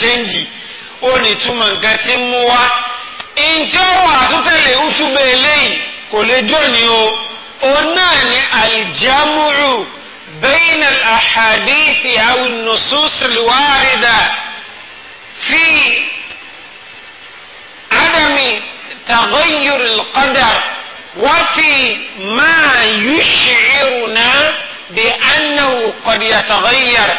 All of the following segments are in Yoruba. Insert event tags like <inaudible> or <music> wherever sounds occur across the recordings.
chẹ́ǹjì ó ní túmọ̀ nǹkan tí ń mú wá ǹjẹ́ òun àtúntẹ̀lé útúbẹ̀ eléyìí kò lè dọ́ni o òun náà ní alìjámúrù bẹ́yìn àhàdíìsì àwọn nùsùsìlì wáàrídà fi ádámì tàgọ́yìrì lọ́kọ́dà wọ́n fi máa yúṣìírù náà bí annáwó kọ̀díyà tàgọ́yìrì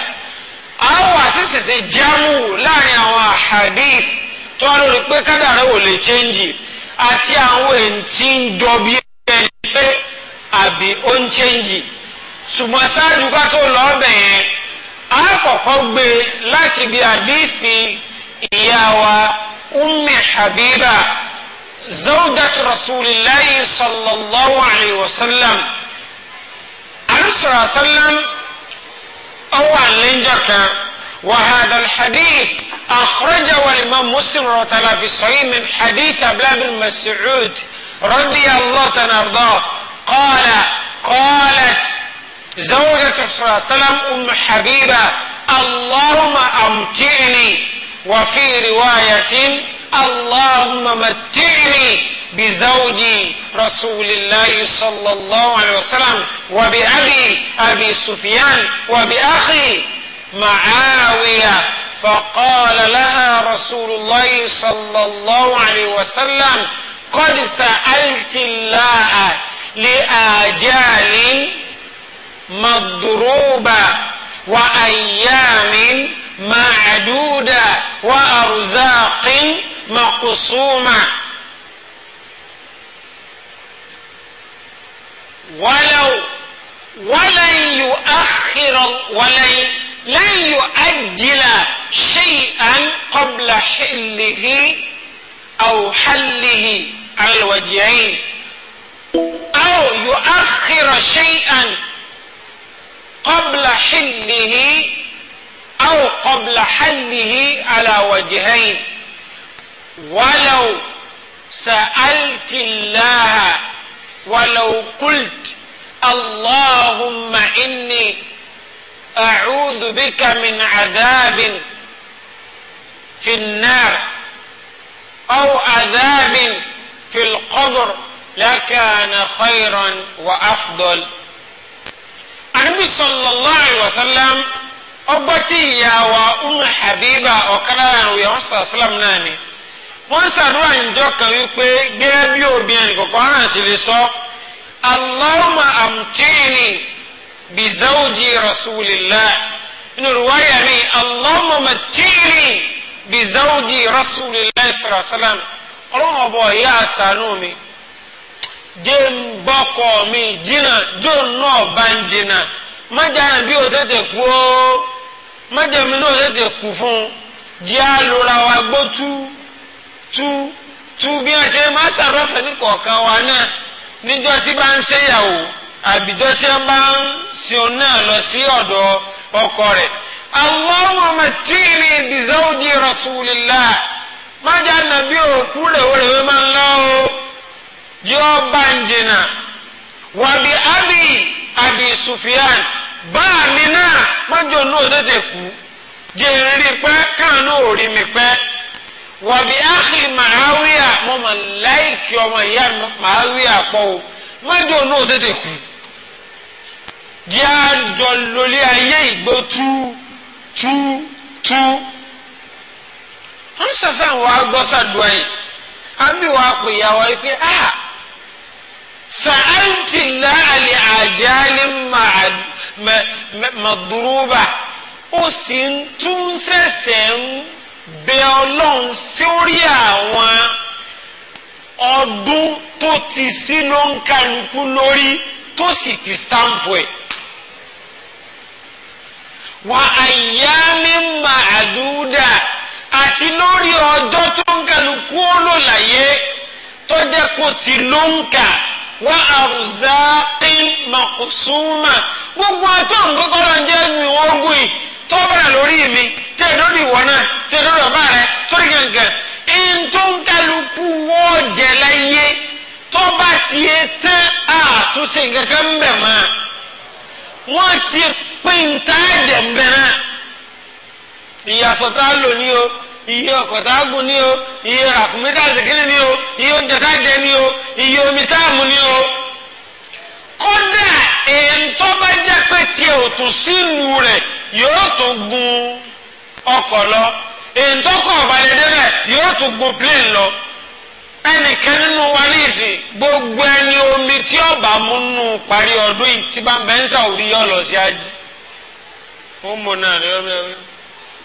àwọn àṣìṣìṣì jámù láàrin àwọn àhàdíf tó wà lórí pé kádàrá ò lè chẹ́ńjì àti àwọn èntì ń jọ bí ẹni pé àbí ó ń chẹ́ńjì ṣùgbọ́n ṣáájú ká tó lọ ọbẹ̀ yẹn a kọ́kọ́ gbé láti bí àdífi ìyá wa Ummi Habiba zawdat rasulillahi sallallahu alayhi wa sallam anusra sallam. أولا لنجك وهذا الحديث أخرجه الإمام مسلم رواه في الصحيح من حديث أبلا بن مسعود رضي الله عنه قال قالت زوجة صلى الله عليه وسلم أم حبيبة اللهم أمتعني وفي رواية اللهم متعني بزوجي رسول الله صلى الله عليه وسلم وبأبي أبي سفيان وبأخي معاوية فقال لها رسول الله صلى الله عليه وسلم قد سألت الله لآجال مضروبة وأيام معدودة وأرزاق مقصومة ولو ولن يؤخر ولن لن يؤجل شيئا قبل حله أو حله على الوجهين أو يؤخر شيئا قبل حله أو قبل حله على وجهين ولو سألت الله ولو قلت اللهم إني أعوذ بك من عذاب في النار أو عذاب في القبر لكان خيرا وأفضل النبي صلى الله عليه وسلم ọgbọ́ tí ìyá wa umu habiba ọ̀kan lára àwọn èèyàn sọ islam náà ni wọ́n ṣàdúrà níjọ́ kan wípé gẹ́gẹ́ bí obìnrin kọ̀ọ̀kan hàn sí lè sọ allahumma amtini bizawji rasulillah inú ruwaya mi allahumma matini bizawji rasulillah sọ̀rọ̀ sálám ọlọ́run ọ̀bọ̀ ìyá àṣàánú mi jẹ́ ń mi jìnnà jọ́ náà bá ń jìnnà má jẹ́ bí o tètè kú o májèmí náà tètè kù fún un jẹ́ àlòra wa gbó tú tú tú bí wọ́n ṣe máa ṣàrọ́fẹ́ ní kọ̀ọ̀kan wa náà níjọ́ tí bá ń ṣèyàwó àbíjọ́ tí wọ́n bá ń sìn náà lọ sí ọ̀dọ̀ ọkọ rẹ̀ Allahumma matini bi zawji rasulillah májà nàbí òkú rèwerèwe máa ń lọ o jẹ́ ọba ń jìnnà wàbí abi abi Sufyan báà mi náà mọ́jọ́ náà tètè kú jẹ́ rí pẹ́ káànú ò rí mi pẹ́ wọ̀bí áhì màáwíà mo mọ̀ láìkí ọmọ ìyá màáwíà pọ̀ o mọ́jọ́ náà tètè kú jẹ́ àjọ lórí ayé ìgbó tú tú tú wọ́n sàṣà wọ́n á gbọ́ sàdúrà yìí àmì wọ́n á pè ya wọ́n pé ah sàántì láàlì àjálì mà mọ̀dúrúbà ó sì ń tún ṣẹ̀ṣẹ̀ ń bẹ ọlọ́run sórí àwọn ọdún tó ti sí ló ń kálukú lórí tó sì ti stampu ẹ̀. wà á yá mi màdúdà àti lórí ọjọ́ tó ń kálukú ó lò láyé tó jẹ́ ti ló ń kà wa arzakin makusuma gbogbo àtọ́ nkọ́kọ́rọ́ ń jẹ́ ẹ̀yìn ogun yìí tó bẹ̀rẹ̀ lórí mi tẹ̀ lórí ìwọ náà tẹ̀ lórí ọba rẹ torí gangan ìntòǹkálukú wọ́ọ̀ jẹ́ láyé tó bá tiẹ̀ e tán àtúnṣe kankan ń bẹ̀ mọ́ wọ́n ti pín tá a jẹ̀ ń bẹ̀ náà ìyàsọ̀tà lónìí o iye ọkọ̀ tá a gùn ni o iye ràkúnmí tá a sì kíni ni o iye oúnjẹ tá a jẹ ni o iye omi tá a mu ni o. kódà èntọ́ bá jẹ́ pé tiẹ̀ ò tún sínú rẹ̀ yóò tún gun ọkọ̀ lọ èntọ́ kan ọ̀balẹ̀ débẹ̀ yóò tún gun plane lọ ẹnìkan nínú wa ní ìsìn gbogbo ẹni omi tí ọba mú nù parí ọdún yìí tí bá ń bẹ́ ń sàwùrí yọ lọ sí ají ó mọ̀ náà ní ọ̀rẹ́ rẹ̀.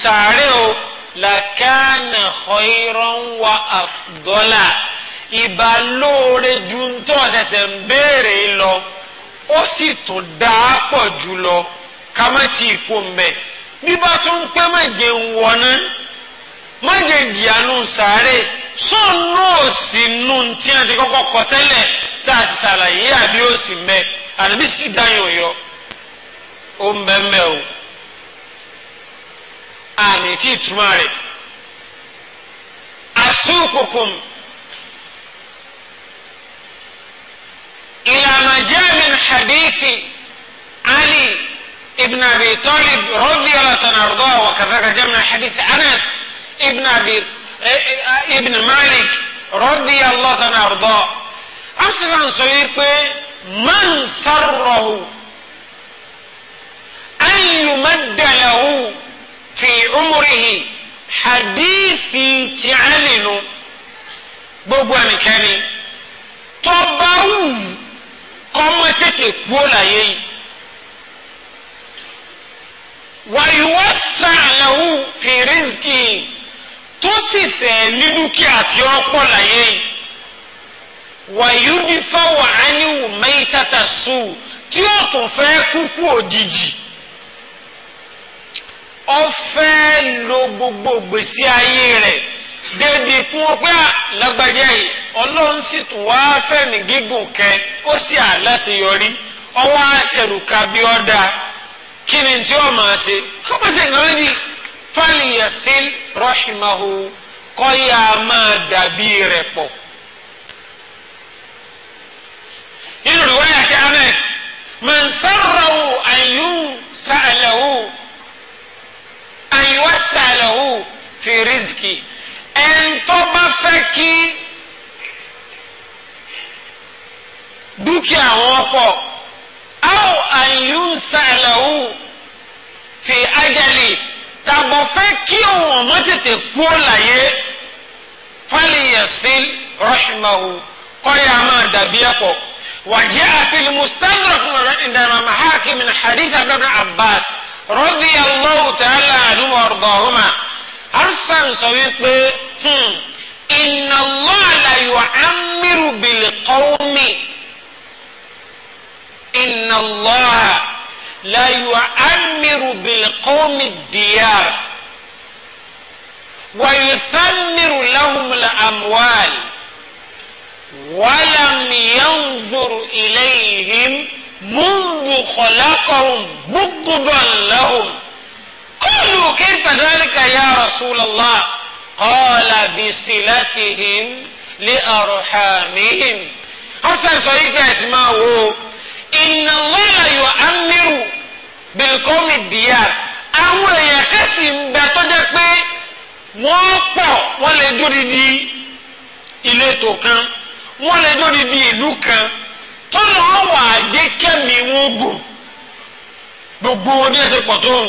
sàárè o làkàna khayran wa afdala ìbá lóore ju ń tọ́ ṣẹ̀ṣẹ̀ ń béèrè lọ ó sì tún dáa pọ̀ jù lọ ká má ti kó mbẹ bí bá tún pé má jẹ ń wọná má jẹ jìyànú sàárè sọ́ọ̀nù òsì nù tí a ti kọ́kọ́ kọ tẹ́lẹ̀ tá a ti ṣàlàyé àbí òsì mbẹ àdàbí dáyọ̀ yọ ó mbẹ́mbẹ́ o. آميتي تماري أسوقكم إلى ما جاء من حديث علي ابن أبي طالب رضي الله عنه وارضاه وكذلك جاء من حديث أنس ابن أبي إيه، إيه، ابن مالك رضي الله عنه وارضاه أمسسان سوير من سره أن يمد له fi umurihi hadithi ti alinu gbogbo ẹnikẹ́ni tó bá wù kọ́mọ tètè kú láyé yìí wàyíwọ́ sàlẹ̀wù fi rìsíkì tó sì fẹ́ ní dúkìá tí ó láyé yìí wà á níwò mẹ́yìí tàtà sùn tí ó tún fẹ́ kúkú òjijì. ọ fẹ́ lo gbogbo gbèsè ayé rẹ̀ débi kún ó pé yìí o sì tún wá fẹ̀mí gígùn kẹ ó sì àláṣeyọrí ọwọ́ àṣẹrù kábí ọ̀dà kí ni tí ó máa ṣe kó ṣe nǹkan fáìlì yasin rahimahu ya máa dàbí rẹ̀ pọ àyìnwá sàlẹ̀hù fi rìsíkì ẹ̀ńtọ́ bá fẹ́ kí dúkìá wọn pọ̀ aw àyìnwá sàlẹ̀hù fi ajali tàbọ̀ fẹ́ kí òun ọmọ tètè kú ọ̀làyé fàlìyàsíl rahimahu kọ́yà máa dàbí ẹ̀pọ̀ wàjẹ́ àfihàn mustadrak ìdàrọ̀ mahakim hadith abdul abbas radiyallahu ta'ala anhu wa ardahuma arsan sọ wípé hmm, inna Allaha la yu'ammiru bil qawmi inna Allaha la yu'ammiru bil qawmi diyar wa yuthammiru lahum al amwal wa lam yanzur ilayhim. منذ خلقهم بغضا لهم قالوا كيف ذلك يا رسول الله قال بصلتهم لأرحامهم أرسل صديق اسمه إن الله لا يؤمر بالقوم الديار àwọn èèyàn kẹsì ń bẹ tó jẹ́ pé wọ́n pọ̀ wọ́n lè dúró di ilé tó kan wọ́n lè dúró di ìlú kan tó lọ́ wà á jẹ́ kẹ́mi wọn gùn gbogbo wọn bí ẹ ṣe pọ̀ tó ń.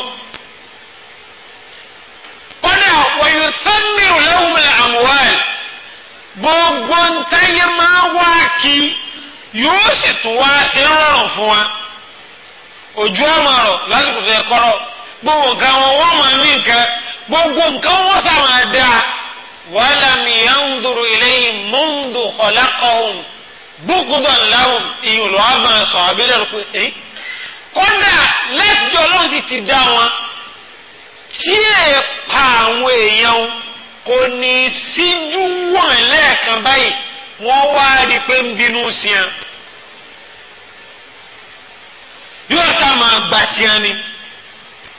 kọ́dà wọ̀nyí sẹ́mi ò lẹ́wọ̀n mi àmúwáì gbogbo ntáyé máa wá kí yóò sì tún wá ṣe rọrùn fún wa ojú àmàrọ̀ lásìkò tó yẹ kọ́rọ̀ gbogbo nǹkan wọn wọ́n máa ní nǹkan gbogbo nǹkan wọn sàmà dáa wàhálà mi yàn ń dòrò ilé yìí mò ń dò kọ̀lákọ̀ọ́hùn búkúdọ̀ ńláhùn ìyún lọ́wọ́ máa sọ abẹ́rẹ́ rẹ pé ẹ́ kódà láti jọ ọlọ́run sì ti dá wọn tí ẹ̀ pa àwọn èèyàn kò ní í síjú wọn lẹ́ẹ̀kan báyìí wọ́n wá rí pé ń bínú sí ẹ yóò sá máa gbà sí ni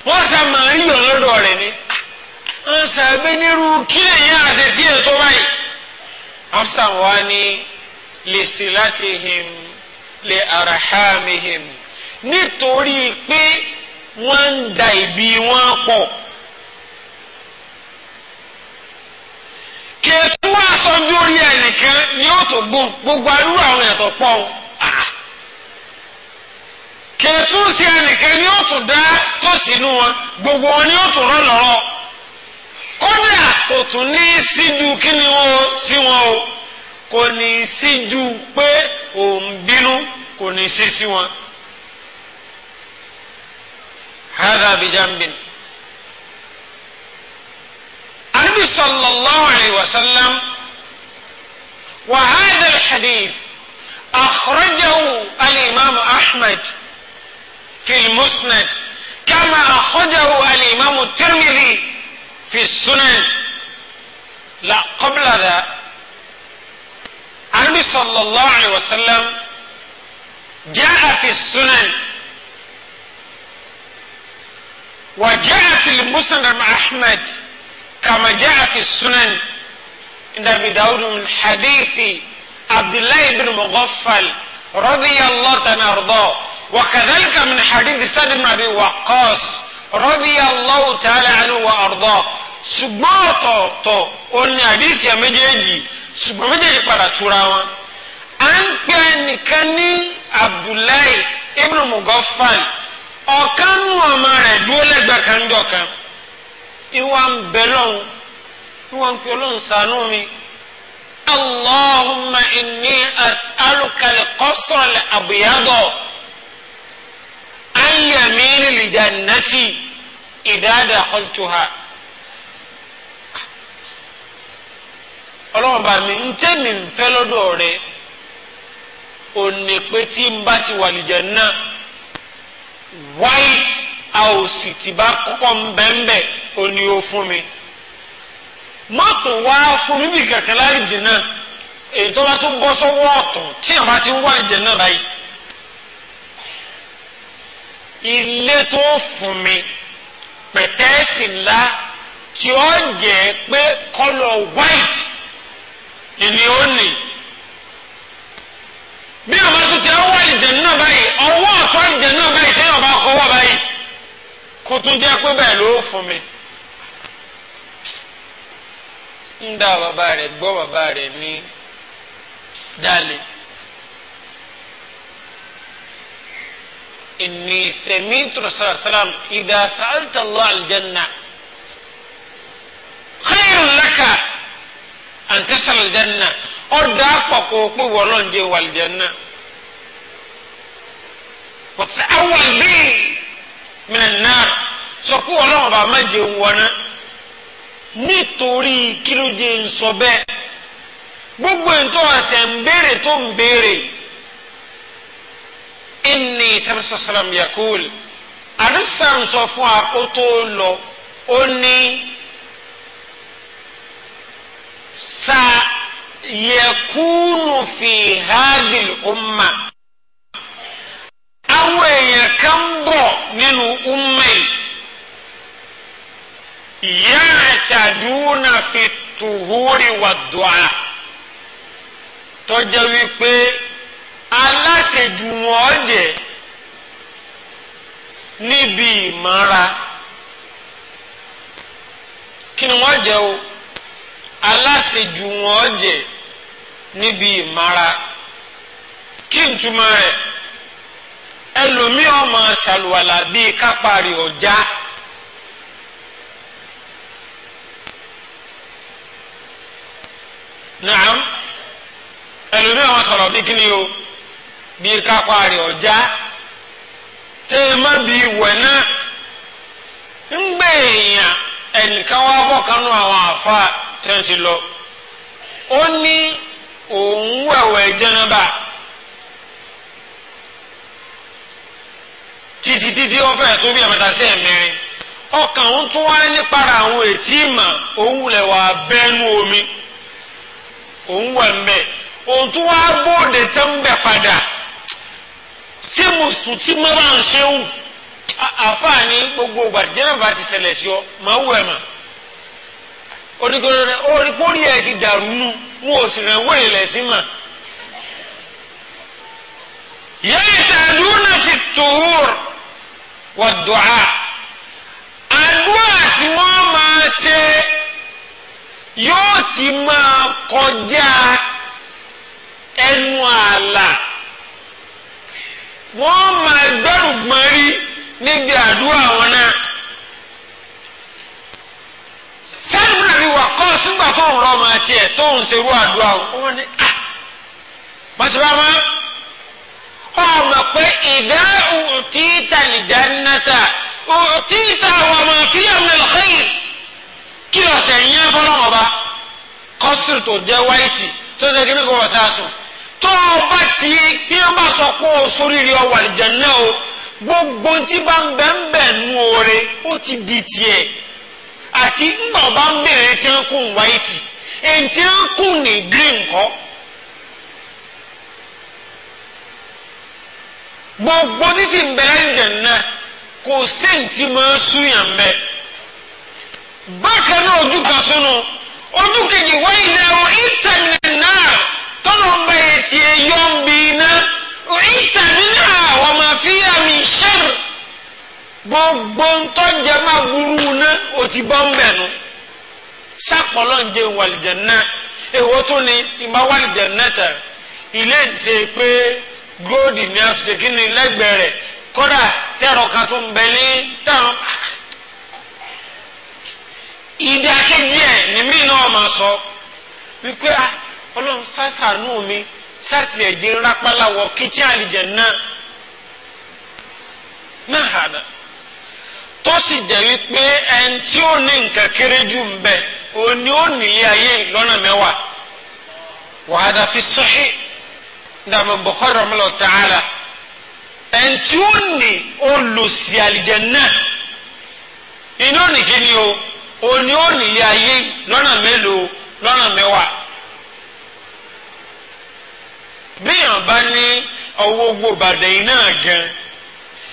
wọ́n sá máa rí ìyọ̀ rẹ̀ ni wọ́n sàgbé kílẹ̀ yẹn àṣetí ètò báyìí. afsan wa ni lisilatihim li arahamihim nítorí pé wọ́n ń da ìbí wọn pọ̀. kẹtù wá sọjú orí ẹnìkan ni ó tó gún gbogbo arúgbó àwọn ẹ̀tọ́ pọ̀ kẹtù sí ẹnìkan ni ó tó dá tó sínú wọn gbogbo wọn ni ó tó rán lọ́rọ́ kódà kò tún ní síjú kí ni wọn sí wọn o. kò ní í sí ju pé òun bínú kò ní í sí sí wọn. hada bin. anabi sallallahu alayhi wa sallam wa hada alhadith akhrajahu alimami ahmed fi musnad kama akhrajahu alimami tirmidhi fi sunan la qabla daa. النبي صلى الله عليه وسلم جاء في السنن وجاء في المسند مع أحمد كما جاء في السنن عند أبي داود من حديث عبد الله بن مغفل رضي الله تعالى أرضاه وكذلك من حديث سعد بن أبي وقاص رضي الله تعالى عنه وأرضاه ṣùgbọ́n ọ̀tọ̀ọ̀tọ̀ ó ní àdísì ṣùgbọ́n méjèèjì padà túra wọn à ń pè nìkan ní Abdullahi ibn Mughaffal ọ̀kan nù ọmọ rẹ̀ dúró lẹ́gbẹ̀ẹ́ kan jọ kan ìwà ń bẹ lọ́hùn ìwà ń pè ọlọ́hùn ṣàánú mi Allahumma inni as'aluka al-qasra al-abyada an yamini li jannati idha dakhaltuha. ọlọ́run bá mi ntẹ́ mi nfẹ́ lọ́dọ̀ rẹ òní pé tí n bá ti wà lìjẹ́ náà white house ti bá kọ́kọ́ ń bẹ́ńbẹ́ òní o fún mi mọ́tò wá fún mi bí kankan láríjì náà èyí tó bá tó bọ́ sọ́wọ́ ọ̀tún tí n bá ti wà lìjẹ́ náà báyìí ilé tó fún mi pẹ̀tẹ́sì ńlá tí ó jẹ́ pé kọ́lọ̀ white ìní ó nì bí ọba tó ti ọwọ́ ìjẹun náà báyìí ọwọ́ ọ̀tọ́ ìjẹun náà báyìí tẹ́yìn ọba kọ́wọ́ báyìí kó tún jẹ́ pé bẹ́ẹ̀ ló fún mi ń dá bàbá rẹ̀ gbọ́ bàbá rẹ̀ ní dálé ìní sẹ̀mí tùrọ̀sàlám ìdá sàlítàlá àlìjẹ́nà khairun laka àǹtí sàlìjánná ọ̀dà àpapọ̀ pé wọ́n lọ́n jẹ́ wàlìjánná. wọ́tí awọ́n bíi mìíràn náà sọ pé wọ́n lọ́wọ́ bá má jẹ́ wọná nítorí kílódé nsọ bẹ́ẹ̀ gbogbo ntọ́ ọ̀sẹ̀ ń béèrè tó ń béèrè ẹnì sàbẹ̀sàsàlám yakul àdìsàn sọ fún akótó lọ ó ní sayakunu fi hadil umma àwọn èèyàn kan bọ̀ nínú umma yìí ya'taduna fi tuhuri wa du'a tó jẹ́ wípé aláṣejù wọn jẹ́ níbi ìmọ̀ra kí ni wọ́n jẹ́ o. aláṣejù wọn jẹ níbi ìmara kí n túmọ̀ rẹ̀ ẹlòmíì ọmọ ṣàlùwàlà bíi kápárì ọjà naam ẹlòmíì ọmọ sọ̀rọ̀ bíi kíni o bíi kápárì ọjà tẹ́ ẹ má bíi wẹ̀ náà ń gbẹ̀yìn ẹnìkan wá bọ̀ kanú àwọn àfa tẹ́ ń ti lọ ó ní òun wẹ̀wẹ̀ jẹnaba títí títí wọ́n fẹ́ẹ̀ tó bí ẹ̀mẹ́ta sí ẹ̀mẹ́rin ọkàn ń tún wá nípara àwọn ètí ìmọ̀ òun lẹ̀ wà bẹ́ẹ̀nu omi òun wẹ̀ ń bẹ̀ òun tún wá bóde tẹ́ ń bẹ̀ padà sí tí mo bá ń ṣe wù àfààní gbogbo ìgbà tí jẹ́nàbà ti ṣẹlẹ̀ sí ọ máa wù ẹ̀ mà onígbòrò rẹ orí pórí ẹ ti dàrú nù wọn ò sì rẹ̀ wọ́n ilẹ̀ sí mà. ya'taduna fi tuhur wa du'a àdúrà tí wọ́n máa ṣe yóò ti máa kọjá ẹnu ààlà wọ́n máa gbẹ́rù gbọ́n rí níbi àdúrà wọn náà sẹ́nu náà rí wa kọ́ sígbà tó ń rọ ọmọ tiẹ̀ tó ń ṣerú àdúrà wọn ni a bàṣẹ́bàmá ọmọ pé ìdá òtíta lìjánnáta òtíta wà máa fi ọmọ lọ́kẹ́yìn kí ọ̀sẹ̀ yẹn fọlọ́wọ́n bá kọ́sìrì tó jẹ́ wáìtì tó jẹ́ kí ní wọ́n sá sùn tó o bá ti bí wọ́n bá sọ pé o sórí rí ọ wà lìjánná o. gbogbo tí bá ń bẹ̀ ń bẹ̀ nu oore ó ti di tiẹ̀ àti ńgbà ọba ń bèrè tí ń kún wáìtì èyí ń kún ní green kọ́ gbogbo tí sì ń bẹ̀rẹ̀ ń jẹ̀ náà kò séǹtì máa ń súyàn bẹ́ẹ̀ bákan náà ojú kan tún ìta nínú àwọn ọmọ fíyà mi ṣẹ́rù gbogbo ntọ́jẹ́ máa burú ná o ti bọ́ mbẹ́ nu sápọ̀lọ́ ń jẹ́ wàlìjẹ̀ náà èwo tún ni ìmọ̀ wàlìjẹ̀ náà tẹ̀ ilé ń pé góòdì ní àfìsèkí ni lẹ́gbẹ̀ẹ́ rẹ̀ kódà tẹ̀rọ kan tún bẹ ní táwọn. ìdí akéjì ẹ̀ ni mí náà máa sọ wípé ah, ọlọ́run sásàánú mi sárti ẹ̀dín rápálá wọ kìtì àlìjẹ̀nnà náà hàdà tó sì jẹ́ wípé ẹni tí ó ní nǹkan kéré jù ń bẹ òní ó nílé ayé lọ́nà mẹ́wàá wàhádà fi sahih dàmú Bukhari rahimahullah ta'ala ẹni tí ó ní olùsí àlìjẹ̀nnà iná nìkíni o òní ó nílé ayé lọ́nà mélòó lọ́nà mẹ́wàá. bíyàn bá ní ọwọ́ owó Ìbàdàn yìí náà gan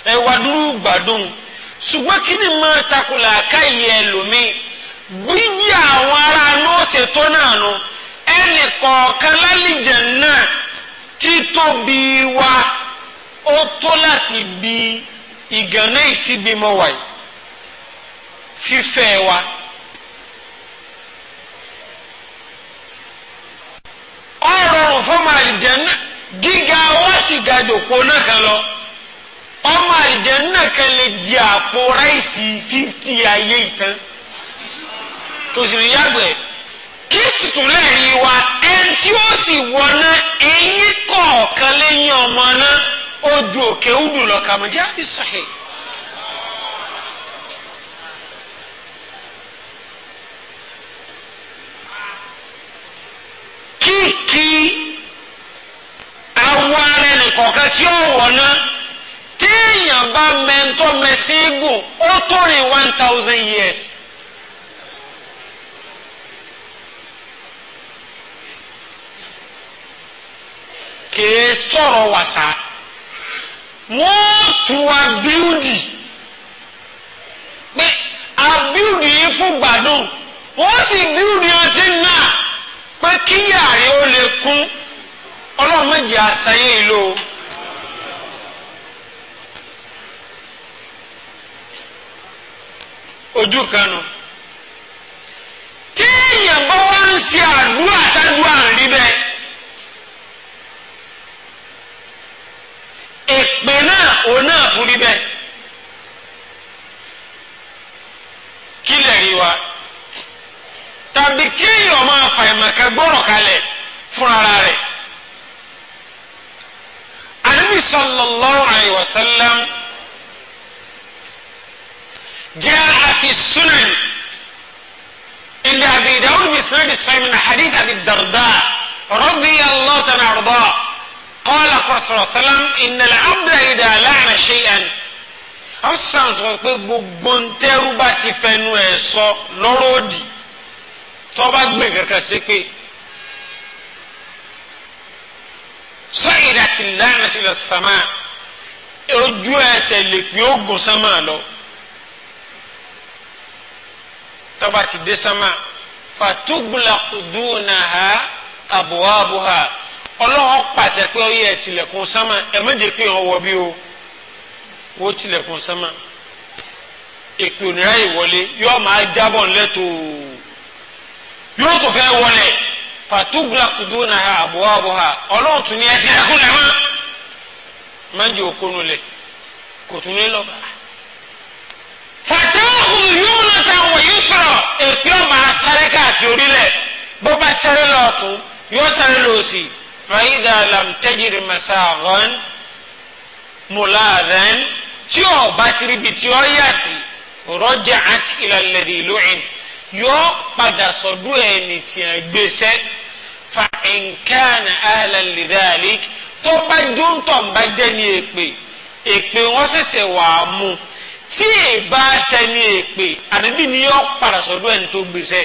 ẹ wá dúró gbádùn ṣùgbọ́n kí ni máa takùlà káyé ẹlòmíì gbígbí àwọn ará nọ́ọ̀sì tó náà nu ẹnì kọ̀ọ̀kan lálejò náà títóbi wá ó tó láti bi ìgànnà ìsíbímọ wáyé fífẹ́ wa. Si ọrọrùn fọmọ àlìjẹnà gíga wá sí gàdòpọ̀ náà kan lọ ọmọ àlìjẹnà kan lè di àpò ráìsì fíftì ayé ìtàn tó sì rí yàgbẹ́ kí sì tún lẹ́rìí wa ẹni tí ó sì wọná eyín kọ̀ọ̀kan lẹ́yìn ọmọ náà ojú òkè udù lọ́kàmọ́jà líìkì awọ ara nìkọ̀ọ̀kan tí ó wọ̀ náà téèyàn bá mẹ́ńtọ́ mẹ́sígùn ó tó rìn one thousand years. kèé sọ̀rọ̀ wàsá wọ́n tún wá bíúdì pé àbíúdì yìí fún gbàdùn wọ́n sì bíúdì ọtí náà kún ọlọ́run méjì àṣàyè o ojú kanu téèyàn bá wá ń ṣe àdúrà tádùá ń rí bẹ́ẹ̀ èpè náà òun náà tún rí bẹ́ẹ̀ kí lè rí wa tàbí kéèyàn máa fàìmọ̀kà gbọ́rọ̀ kalẹ̀ fúnra rẹ̀ anabi sallallahu alayhi wa sallam jaa fi sunan inda abi dawud bi isnadi sahih min hadith abi darda radiyallahu ta'ala arda qala rasulullah sallam inna al-abda idha la'ana shay'an hasan sọ pé gbogbo ntẹ́rù bá ti fẹnu ẹ̀ sọ lọ́rọ̀ òdì tó bá gbé sí pé. sọ́yìnrà ti lánà ti lọ sàmà ojú ẹsẹ̀ lè pín ogun sàmà lọ tọ́ba ti dé sàmà fàtúgùlà kùdùnà ha àbùwàbù ha ọlọ́wọ́ pàṣẹ pé ọyẹ ẹ̀ tilẹ̀kùn sàmà ẹ̀ méje pé wọ́n wọ bí o wọ́n tilẹ̀kùn sàmà èpè ònírà ìwọlé yóò máa jábọ̀ ńlẹ́tò yóò tó fẹ́ wọlé fatugula kuduna ha abuwaabu ha ọlọ́run tún ní ẹ ti ẹkún lẹ mọ́ mẹ́jọ okunu lẹ kò tún ní lọ́ba. fatahun yumna ta wọ yusra èpè ọmọ asáré káàkiri orílẹ̀ bó bá sáré lọ́ọ̀tún yóò sáré lọ́ọ̀sì fàyídà lam tẹ́jìrì mẹ́sàgán mùláàdán tí ò bá bi tí ó yà sí rọ́jà àti ìlàlẹ́dì lóyìn yóò padà sọ́dún ẹni tí a gbé sẹ́ẹ́ fa nkaana ahlan lidhalik tó bá jóńtọ̀ bá jẹ́ ní èpè èpè wọ́n ṣẹ̀ṣẹ̀ wà á mú tí èbá sẹ́ni èpè àbíbí ni yọ padà sọ́dọ̀ ẹni tó gbèsè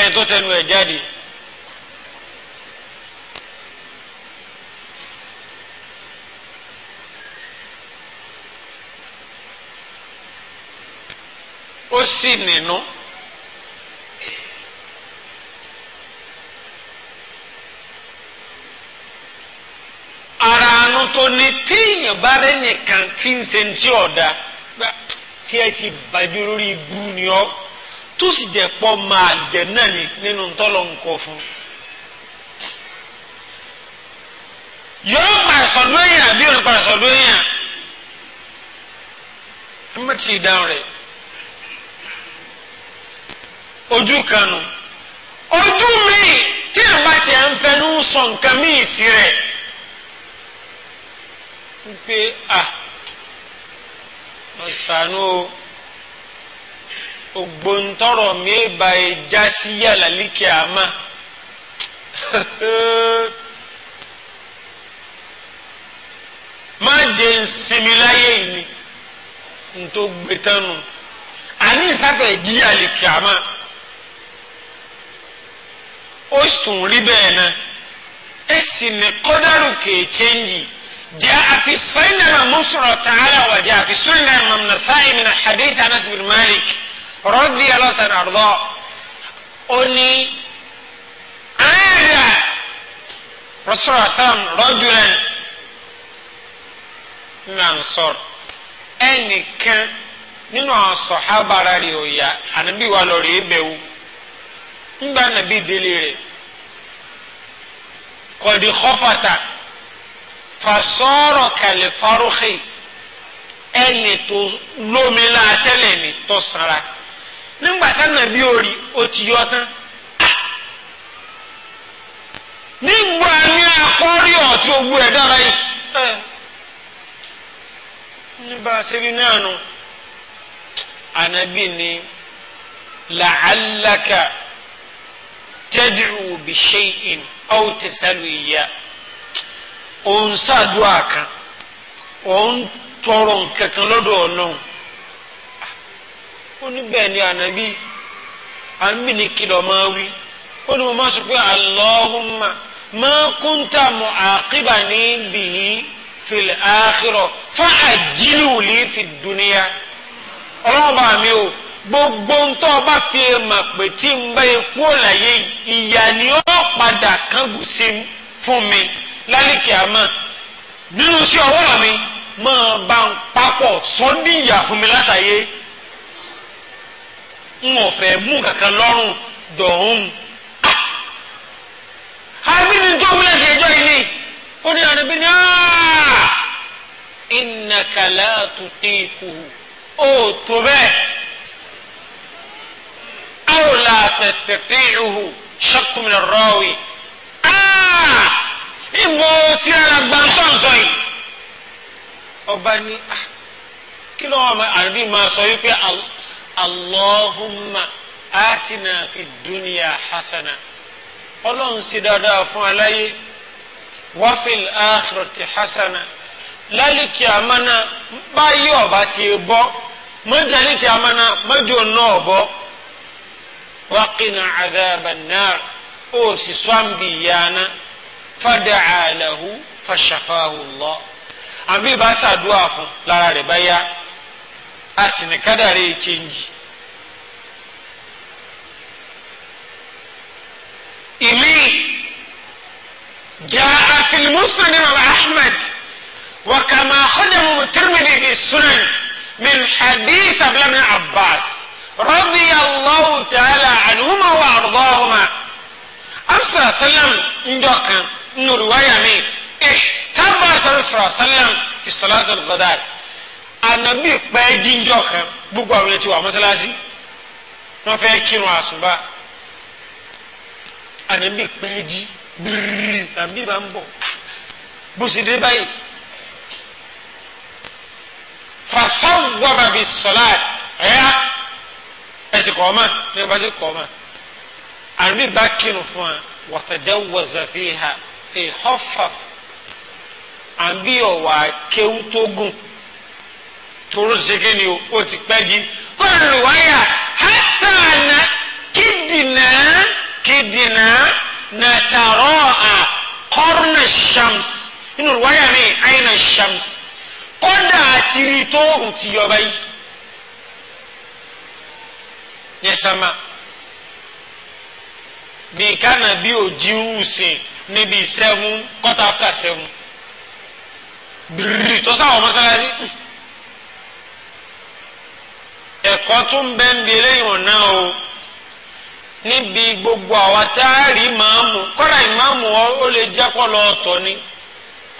ẹni tó tẹnu ẹ̀ jáde. ó sì nínú. No? àròtò ni téèyàn bá rẹ nìkan tí ń ṣe ti ọ̀dà tí ẹ ti bàbí lórí ibu ni ọ tó sì jẹ pọ máa jẹ náà ni nínú tọ́lọ̀ nǹkan fún. yọ̀ọ́ padà sọ̀dọ̀ èèyàn àbí òun padà èèyàn ẹ ti dáhùn rẹ̀ ojú kanu ojú mi tí àbá tiẹ̀ ń fẹ́ ń sọ nǹkan míì sí rẹ̀ wípé à ọ̀sánú o ògbóntọ́rọ̀ mi bá e já sí yàrá líkì àmà <laughs> má jẹ́ nsinmi láyé mi ntó gbé tánu àní ìsáfẹ́ jí yàrá líkì àmà ó sì rí bẹ́ẹ̀ náà ẹ sì ní kọ́dárù kèé chẹ́ńjì. جاء في الصين من مصر تعالى وجاء في سنن من نسائي من حديث أنس بن مالك رضي الله عنه أرضاه أني عاد رسول الله صلى الله عليه وسلم رجلا من الأنصار ẹnì kan nínú àwọn sọ̀hábà ara rẹ̀ ò yá ànábì wa lọ rèé bẹ̀wò ńgbà ànábì fasọ́rọ̀ kàlífàrúkì ẹni tó lómìnira tẹ́lẹ̀ ni tó sara nígbà táwọn bí orí o ti yọ tán nígbà ní akọ́rí ọ̀tún ogun ẹ̀ dára yìí nígbà sẹ́rí náà nù anabi ni la'allaka tad'u bi shay'in aw tasalu iya òun ṣàdúrà kan òun tọrọ nkankan lọ́dọ̀ ọlọ́run ó ní bẹ́ẹ̀ ni ànábì àmì ní kìlọ̀ máa wí ó ní mo máa sọ pé Allahumma ma kunta mu'aqibani bihi fil akhirah fa'ajjilu li fid dunya ọlọ́run bá mi o gbogbo ntọ́ ọba fi mọ̀ pé tí n bá ikú ọ̀làyé ìyá ni ó padà kángun sí fún mi lálìkì àmà nínú iṣẹ́ ọwọ́ mi máa bá ń papọ̀ sọ́ndìyà fún mi látàyé n ò fẹ́ mú kankan lọ́rùn dọ̀hún. Ah! àbínú tó wúlẹ̀ sí ẹjọ́ yìí ni ó ní àdébí ni ah! innaka la tutiquhu ó tó bẹ́ẹ̀ aw la tastati'uhu shakkun min ibo tí ara gbàǹtọ̀ ń sọ yìí ọba ní ah, kí ló wà àrùbí máa sọ yìí pé allahumma atina fi dunya hasana ọlọ́run sì dáadáa fún aláyé wafil akhirati hasana lálìkì àmàna báyìí ọba ti bọ́ mọ́jàlìkì àmàna mọ́jọ náà bọ́ waqina adhaban nar ó sì sọ́ǹbì yànnà. فدعا له فشفاه الله أمي بس أدوا فن لا لا ربيا أسن كداري تنجي إلي جاء في المسند مع أحمد وكما خدم الترمذي في السنن من حديث ابن عباس رضي الله تعالى عنهما وارضاهما ارسل سلم ان nínú riwaya mi ihtama sallallahu alaihi wasallam fi salatul ghadat anabi pẹ́ jíjọ́ kan gbogbo àwọn ẹtì wà mọ́sálásí wọ́n fẹ́ kírun àsùbá anabi pẹ́ jí bírírí anabi bá ń bọ̀ bó sì dé báyìí fasawwaba bis-salat ẹ̀yà ẹ̀sìn kọ́ ọ̀ma ní ọba sì kọ́ bá kírun fún wa wa tadawwaza ìhọ́fàf àbí ọ̀wà kéwútógùn tóró ṣẹ́gẹ́ ni ó ti pẹ́ jí kọ́ńtù wáyà hátàna kídìnà kídìnà nàtàrọ́ à kọ́rnà shams inú wáyà ni àyìnà shams kọ́dà àti rí tóòrùn ti yọba yìí yẹ sàmà bí kánà bí òjì rúùsìn níbi seven quarter after seven bìrì tó sáwọn mọ́sálásí ẹ̀kọ́ tó ń bẹ́ ń bi eléyìí hàn náà o níbi gbogbo àwa tá a rí màámu kọ́ra ìmáàmù ó lè jápọ̀ lọ ọ̀tọ̀ ni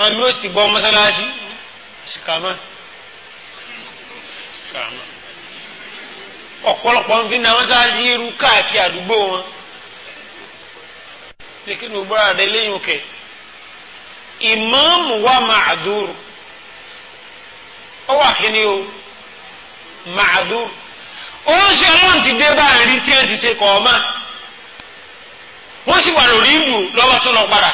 àmì ó sì bọ́ mọ́sálásí sikama sikama ọ̀pọ̀lọpọ̀ ń fi na mọ́sálásí irú káàkiri àdúgbò wọn pé kí ni o bọ́ra rẹ lẹ́yìn òkè ìmáàmù wa màdúrù ó wà kí ni o màdúrù ó ń ṣe ọlọ́run ti dé bá àrí tí ẹ ti ṣe kọ̀ ọ́ mọ́ wọ́n sì wà lórí ìdù lọ́wọ́ tó lọ padà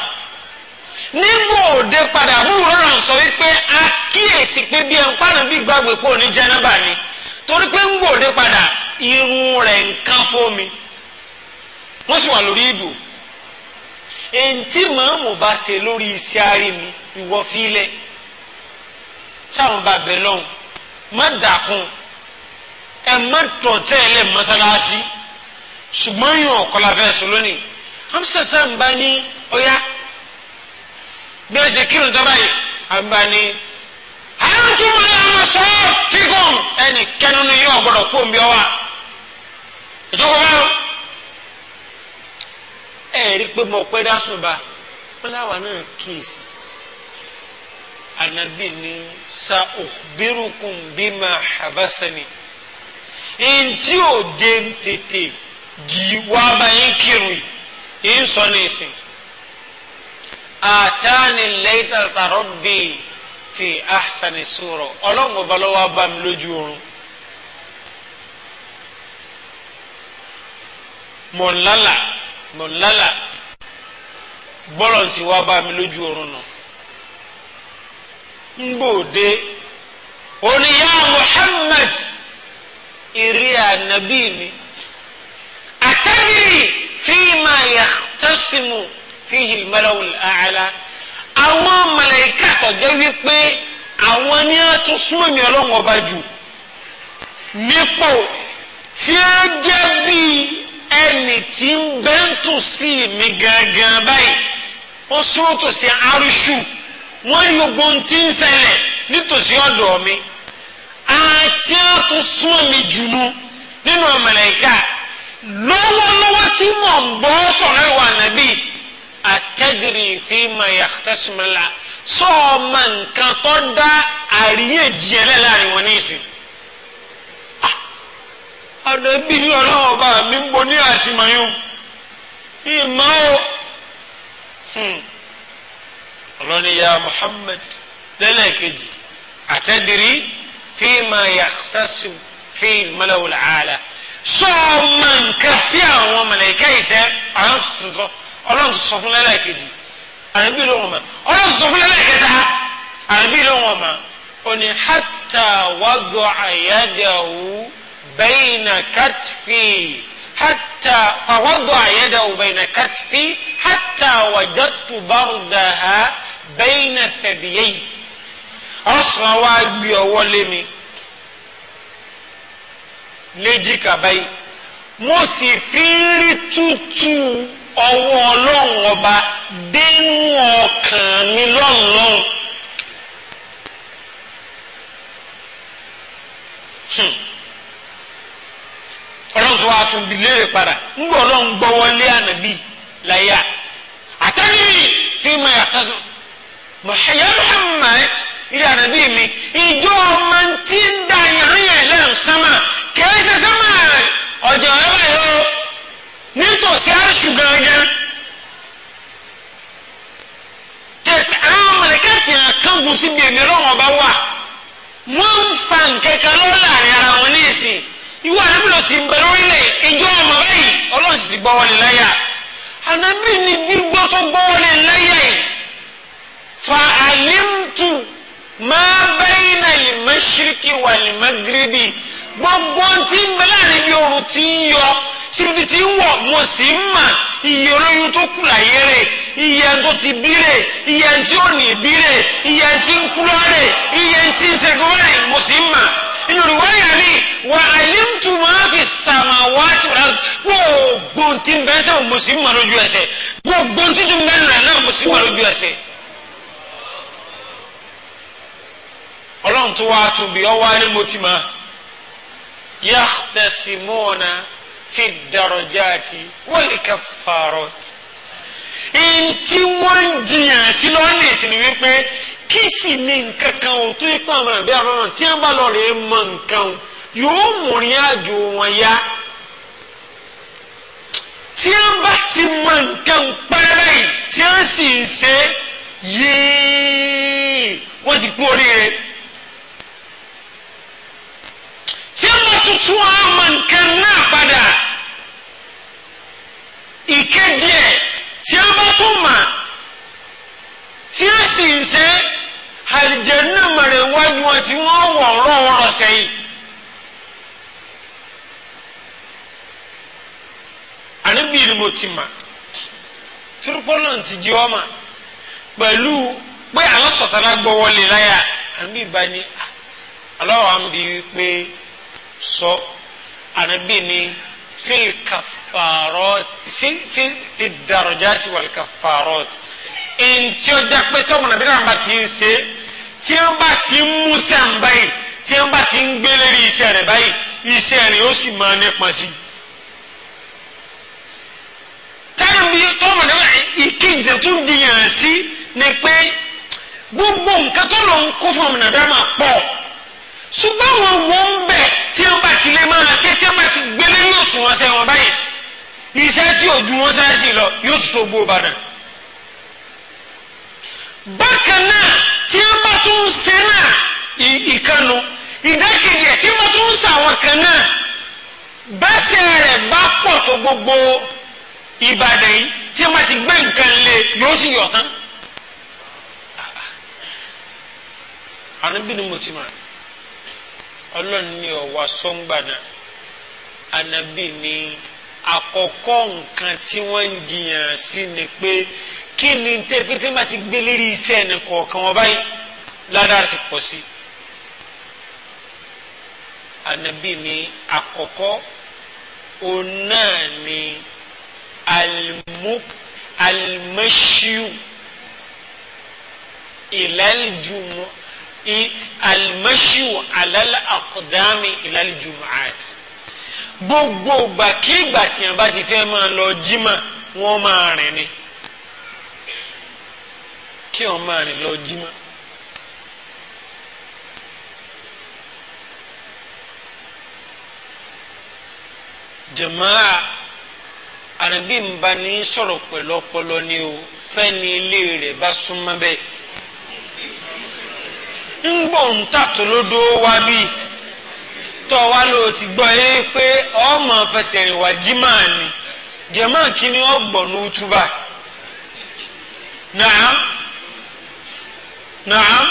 nígbò òde padà àbúrò náà sọ wípé a kíyèsí pé bí ẹn pàdé bí gbàgbé pò ní jẹnẹba ni torí pé ńgbò òde padà irun rẹ̀ nǹkan fómi wọ́n sì wà lórí ìdù eŋti màmú bá ṣe lórí iṣẹ́ ari mi ìwọ filẹ̀ sáwọn bá bẹ̀ lọ́hùn má dàkún ẹ má tọ̀ tẹ́lẹ̀ mọ́sálásí ṣùgbọ́n yàn ọ̀kọ́lá bẹ́ẹ̀ sọ lónìí hamsa sáà ní ọ̀yá bí ẹ kírun tó báyìí àbá ní àyàntúmọ̀lẹ́ àwọn sọ fígọ̀n ẹnì kẹ́nu ni yóò gbọ́dọ̀ kó omi wa ìjọba báyìí ẹ rí i pé mo pẹ́ dásùnba wọn láwa náà kíyèsí anabi ni sa òbírùkùn bímà habasani ntí òde tètè di wàá bá yín kírun yìí ń sọ ní ìsìn àtàní lẹ́tà tààrọ́ bíi fi ahsani sura ọlọ́run ọba lọ́wọ́ bá mi lójú oorun. mọ̀nlálà mọ lálà gbọ́rọ̀ ń sì wá bá mi lójú oorun nù ń gbòde oníyá Muhammad ìrí ànábì mi àtẹ́bìrì fíìmà yahtasimu fíìhì malawul àlá àwọn màláíkà tọ̀jẹ́ wípé àwọn ni a tún súnmọ́ mi ọlọ́run ọba jù nípò tí a jẹ́ bíi ẹni tí ń bẹ́ńtù sí mi gangan báyìí ó sún tòsí arúṣù wọ́n ní gbogbo ohun tí ń ṣẹlẹ̀ nítòsí ọ̀dọ̀ mi àti àtúnṣúmọ̀ mi jùlọ nínú màláíkà lọ́wọ́lọ́wọ́ tí mò ń bọ́ sọ̀rọ̀ ìwà nàbí àtẹ́dìrì fíìmà yàtọ̀símìlà sọ́ọ̀mà nǹkan tó dá àríyànjiyàn lẹ́la àríwọ̀n ní ìsìn ọ̀dọ̀ bí ní ọlọ́wọ́ bá mi ń bo ní àtìmọ́yún ìmọ̀ o hmm. ọlọ́ni ya Muhammad lẹ́lẹ́kejì àtẹ́dìrí fíìmà yàtọ̀sí fíìmà malawul àlà sọ́ọ̀mà nǹkan tí àwọn mọ̀lẹ́kẹ́ ìṣẹ́ àwọn tuntun sọ ọlọ́run tó sọ fún lẹ́lẹ́kejì àrùbí ló wọn mọ̀ ọlọ́run tó sọ fún lẹ́lẹ́kẹta àrùbí ló wọn mọ̀ òní hàtà wàgọ̀ àyájáwó. بين كتفي حتى فوضع يده بين كتفي حتى وجدت بردها بين ثديي ọsàn wa gbé ọwọ́ lé mi léjìká báyìí mo sì fi ń rí tútù ọwọ́ ọlọ́run ọba dénú ọkàn mi lọ́nlọ́run. Hmm ọlọ́run sọ wa tún bi léèrè padà ńgbọ́ ọlọ́run gbọ́ wọlé ànábì láyà àtẹ́lẹ́yìn fi mọ àtẹ́sọ mọ̀hẹ́yà Muhammad ilé ànábì mi ìjọ ọmọ tí ń da yàrá lẹ́nu sánmà kẹ́sẹ̀ sánmà ọ̀jọ̀ ẹ̀ báyọ̀ nítòsí àrùsù gángan àwọn mọ̀lẹ́kẹ́ tí a kán bu síbi èmi lọ́wọ́ bá wà wọ́n ń fa nkẹ́kẹ́ lọ́la àrẹ ara wọn ní ìsìn ìwọ anabi lọ sí nbẹ lórílẹ̀ ìjọ ọmọ báyìí Ọlọ́run sì gbọ́ wọlé láyà anabi ni gbígbọ́ tó gbọ́ wọlé láyà yìí fa alimtu máa bẹ́yìn náà lè má ṣíríkì wà lè má gíríbì gbogbo tí ń bẹ láàrin bí oòrùn ti ń yọ síbi tí ń wọ̀ mo sì ń mà iye olóyún tó kù láyé rẹ̀ iye tó ti bí rẹ̀ iye tí ò ní bí rẹ̀ iye tí ń kú lọ́rẹ̀ iye tí ń ṣe gbọ́rẹ̀ mo sì ń mà inú rìwáyà ni wà alimtu máa fi samawati wal ard gbogbo ntí ń bẹ́ẹ̀ sẹ́wọ̀n mùsùlùmí máa lójú ẹsẹ̀ gbogbo ntí tún bẹ́ẹ̀ nà náà mùsùlùmí máa lójú ẹsẹ̀. ọlọ́run tó wá tóbi ọwọ́ ẹni mo ti máa yàtẹ̀símọ́nà fi darajati wal kaffarat ntí wọ́n jiyàn sí lọ́nà ìsìn wípé kí sì ni nǹkan kan ò tó ipa àwọn àbí àbámọ̀ tí wọ́n bá lọ rè é mọ nǹkan o yóò mú rìn àjò wọn yá tí wọ́n bá ti mọ nǹkan pẹ́rẹ́ yìí tí wọ́n sì ń ṣe yéé wọ́n ti kú oríire tí wọ́n bá tuntun àmọ́ nǹkan náà padà ìkéjì ẹ̀ tí wọ́n bá tún mọ̀ tí wọ́n sì ń ṣe àlìjẹ̀nà mọ̀rẹ̀ wájú wọn tí wọ́n wọ̀ ọ̀rọ̀ ọ̀rọ̀ sẹ́yìn. àníbi ni mo ti mà turupọ́lọ̀ ti di ọ́ mà pẹ̀lú pé àwọn sọ̀tara gbọ́ wọlé láyà àníbi bá ní aláwọ̀ àmì wípé sọ àníbi ni fil kafarot fi fi fi darajati wal kafarot ntí ó já pé tọ́mù nàbí náà bá ti ń ṣe tí wọ́n bá ti ń mú sàn báyìí tí wọ́n bá ti ń gbé lérí iṣẹ́ rẹ̀ báyìí iṣẹ́ rẹ̀ ó sì máa nípa sí i. tẹ́lẹ̀ bí tọ́mù nàbí ìkejì tó tún di yàn án sí ni pé gbogbo nǹkan tó lọ ń kó fún ọmọ nàbí àmà pọ̀ ṣùgbọ́n wọn wọ́n ń bẹ̀ tí wọ́n bá ti lè máa ṣe tí wọ́n bá ti gbé lérí òṣùwọ̀n sẹ́wọ̀n báyìí iṣẹ́ tí òjú wọn sáré sí lọ yóò tó gbó Ìbàdàn. bákan náà tí wọ́n bá tún ń náà ìkànnù ìdákejì tí tún àwọn kan náà bá tó gbogbo ìbàdàn yìí tí wọ́n ti gbé nǹkan lé yóò sì yọ̀ tán. ọlọ́run ni ọ̀wá sọ́ngbàna ni àkọ́kọ́ nǹkan tí wọ́n ń jiyàn sí ni pé kí ni tẹ́ pé tí ma ti gbé lérí iṣẹ́ ẹni kọ̀ọ̀kan wọn báyìí ládàá ti pọ̀ sí. ànábì mi àkọ́kọ́ òun náà ni alimọ́ṣíù ìlàlìjùmọ́ alimọ́ṣíù alálẹ́ àkọ́dámi ìlàlìjùmọ́ àti gbogbo ìgbàkigbà tí yẹn bá ti fẹ́ máa lọ jímà wọ́n máa rìn ni. kí wọn lọ jí jamaa arabi ń bá ní ọpọlọ ni o fẹ́ ni ilé rẹ̀ bá súnmọ́ bẹ́ẹ̀ ń gbọ́ ń tàtó lódò wá bí wa ti pé ọmọ ni n'otuba nàám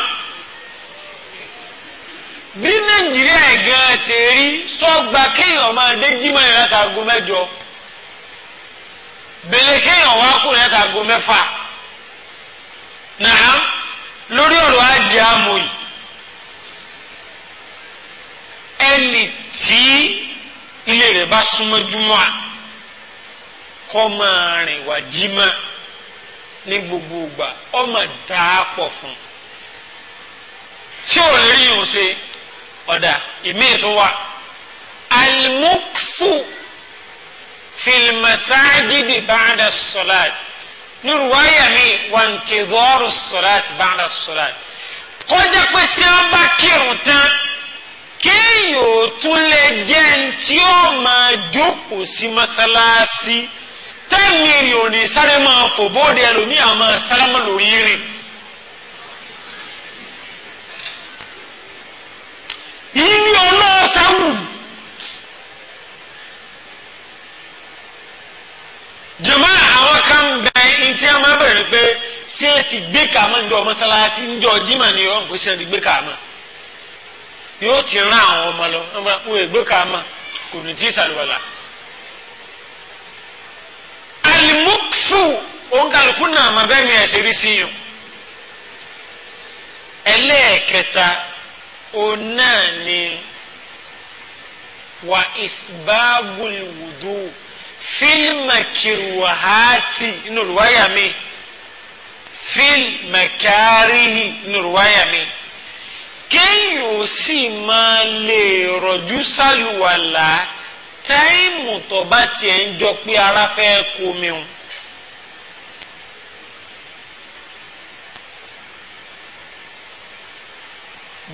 bí nàìjíríà gan ṣe rí sọgbà kéèyàn máa dé jímọ̀ yẹn láti aago mẹ́jọ bẹ̀lẹ̀ kéèyàn wá kúrò láti aago mẹ́fà nàám lórí ọ̀rọ̀ ajé amòyì ẹni tí ilé rẹ̀ bá súnmọ́ júmọ́ à kọ́ máa rìn wá jímọ̀ ní tí ò lè rí yìí ò ṣe ọ̀dà ìmí tó wà almukfu filimasajidi baada solat nuruwaya mi wantidoru solat baada solat kọjá pé tí a bá kírun tán kéèyàn ò tún lè jẹ́ tí ó máa jókòó sí mọ́sálásí tẹ́ẹ̀mì rìn ò sáré máa fò bóde ẹlòmíà máa sálámà lórí rìn. ìní ọlọ́ọ̀sá wù jama àwọn kan bẹ ntí a máa bẹ̀rẹ̀ pé ṣé ẹ ti gbé kàmá ǹjọ́ mọ́sálásí ǹjọ́ jimá ni yọ̀ọ́ nǹkan ṣe ẹ ti gbé kàmá yóò ti rán àwọn ọmọ lọ wọn ègbé kàmá kò ní tí sàlùwàlà alimokfu onkaluku náà máa bẹ́ẹ̀ ni ẹ̀ ṣe rí sí yàn ẹlẹ́ẹ̀kẹta òun náà ni wà ìsbáàbùl wudu fílmàkìrùwàhátì nùrùwáyà mi fílmàkàríhì nùrùwáyà mi kéèyàn ò sì máa lè rọ̀jú sálùwàlà táìmù tó bá tiẹ̀ ń jọ pé ara fẹ́ kó mi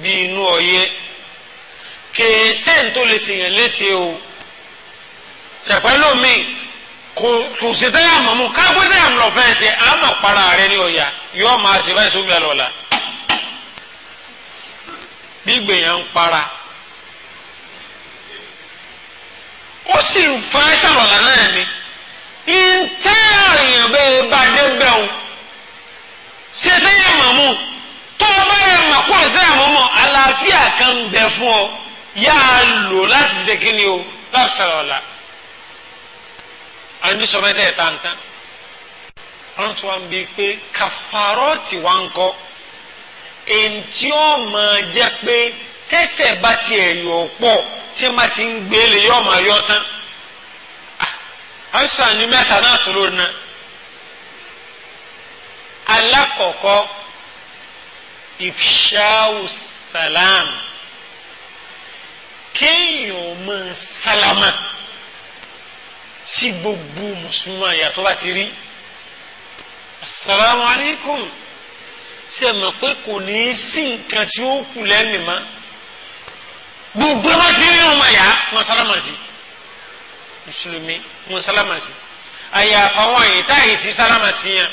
bí inú ọyẹ kèésè tó lè sèyàn léṣe o sẹpẹlú mi kò kò sí tẹyà mọmú káàkó tẹyà mọ fẹẹ ṣe àmọ́ para rẹ ní ọyà yọọ máa ṣe báyìí sómi àlọlà bí gbèyàn ń para ó sì ń fa ṣàlọlà náà ni ntẹ́ àyàn bẹ́ẹ̀ bá dé bẹ́ẹ̀ o ṣe tẹyà mọmú tó o bá yẹ mọ̀ kó ìsìlámù mọ̀ àlàáfíà kan ń bẹ fún ọ yá a lò láti ṣe kíni o láti sọ̀rọ̀ ọ̀la àní sọ mẹ́tẹ́ ẹ̀ tàǹtàn wọ́n tún wá ń bi pé kàfàrọ́ọ̀tì wa ń kọ́ èntì ó máa jẹ́ pé tẹ́sẹ̀ bá tiẹ̀ yọ̀ pọ̀ tí ma ti ń gbélé yọ̀ máa yọ̀ tán ah, àìsàn ni mẹ́ta náà tó lónìí alákọ̀ọ́kọ́ ifṣáù salam kéèyàn ó máa sálámà sí gbogbo mùsùlùmí àyàtọ̀ bá ti rí asalaamu aleykum ṣe mọ̀ pé kò ní í sí nǹkan tí ó kù lẹ́mìí mọ́ gbogbo ẹ bá ti rí ọmọ yá wọn sálámà sí mùsùlùmí wọn sálámà sí àyàfà wọn yìí táyì ti sálámà sí yẹn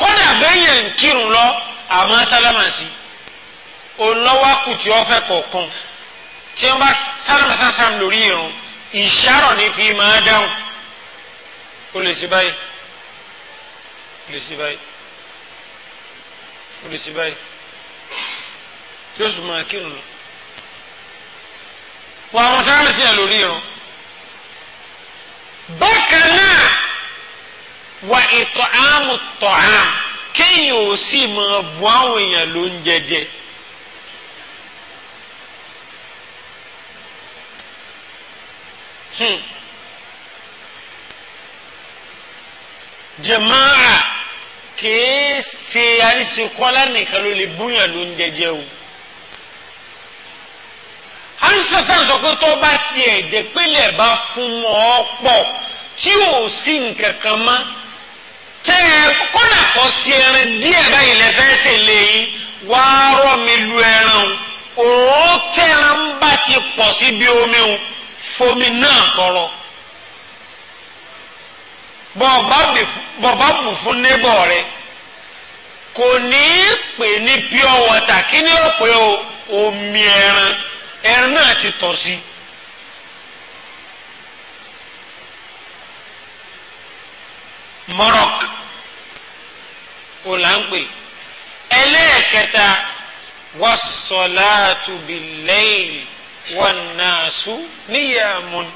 kódà bẹ́ẹ̀ yẹn ń kírun lọ àmọ́ sálámà sí ònlọ́wọ́ kùtì ọ̀fẹ́ kọ̀ọ̀kan tí wọ́n bá sálámà sásàm lórí irun ìṣàrọ̀ ní fi máa dáhùn ó lè ṣe báyìí ó lè ṣe báyìí ó lè ṣe báyìí tí ó sì máa kírun lọ wọ́n àwọn sálámà sí lórí irun bákan náà wà ètò àmú tọ̀ àmú kéèyàn ò sì máa bu àwọn èèyàn ló ń jẹjẹ. jamaa kìí ṣe àrísìkọ́lá nìkan ló lè búyàn ló ń jẹjẹ o. a ń sọ́sàn sọ pé tó bá tiẹ̀ jẹ́ pélé bá fún ọ pọ̀ tí ò sí nǹkan kan mọ́ tẹ ẹ kọ́nà kọ́ sí ẹran díẹ̀ báyìí lẹ fẹ́ ṣe lè yín wàá rọ̀ mi lu ẹran o òun tẹran bá ti pọ̀ sí bí omi o fomi náà tọrọ bọ̀bá bù fún nébọ̀ rẹ kò ní í pè ní pure water kí ni ó pè o omi ẹran ẹran náà ti tọ̀ sí i. mọ́rọ́k òlàǹpè ẹlẹ́ẹ̀kẹta wàsọ̀láàtù bìlẹ́yìn wànàṣù níyàmùn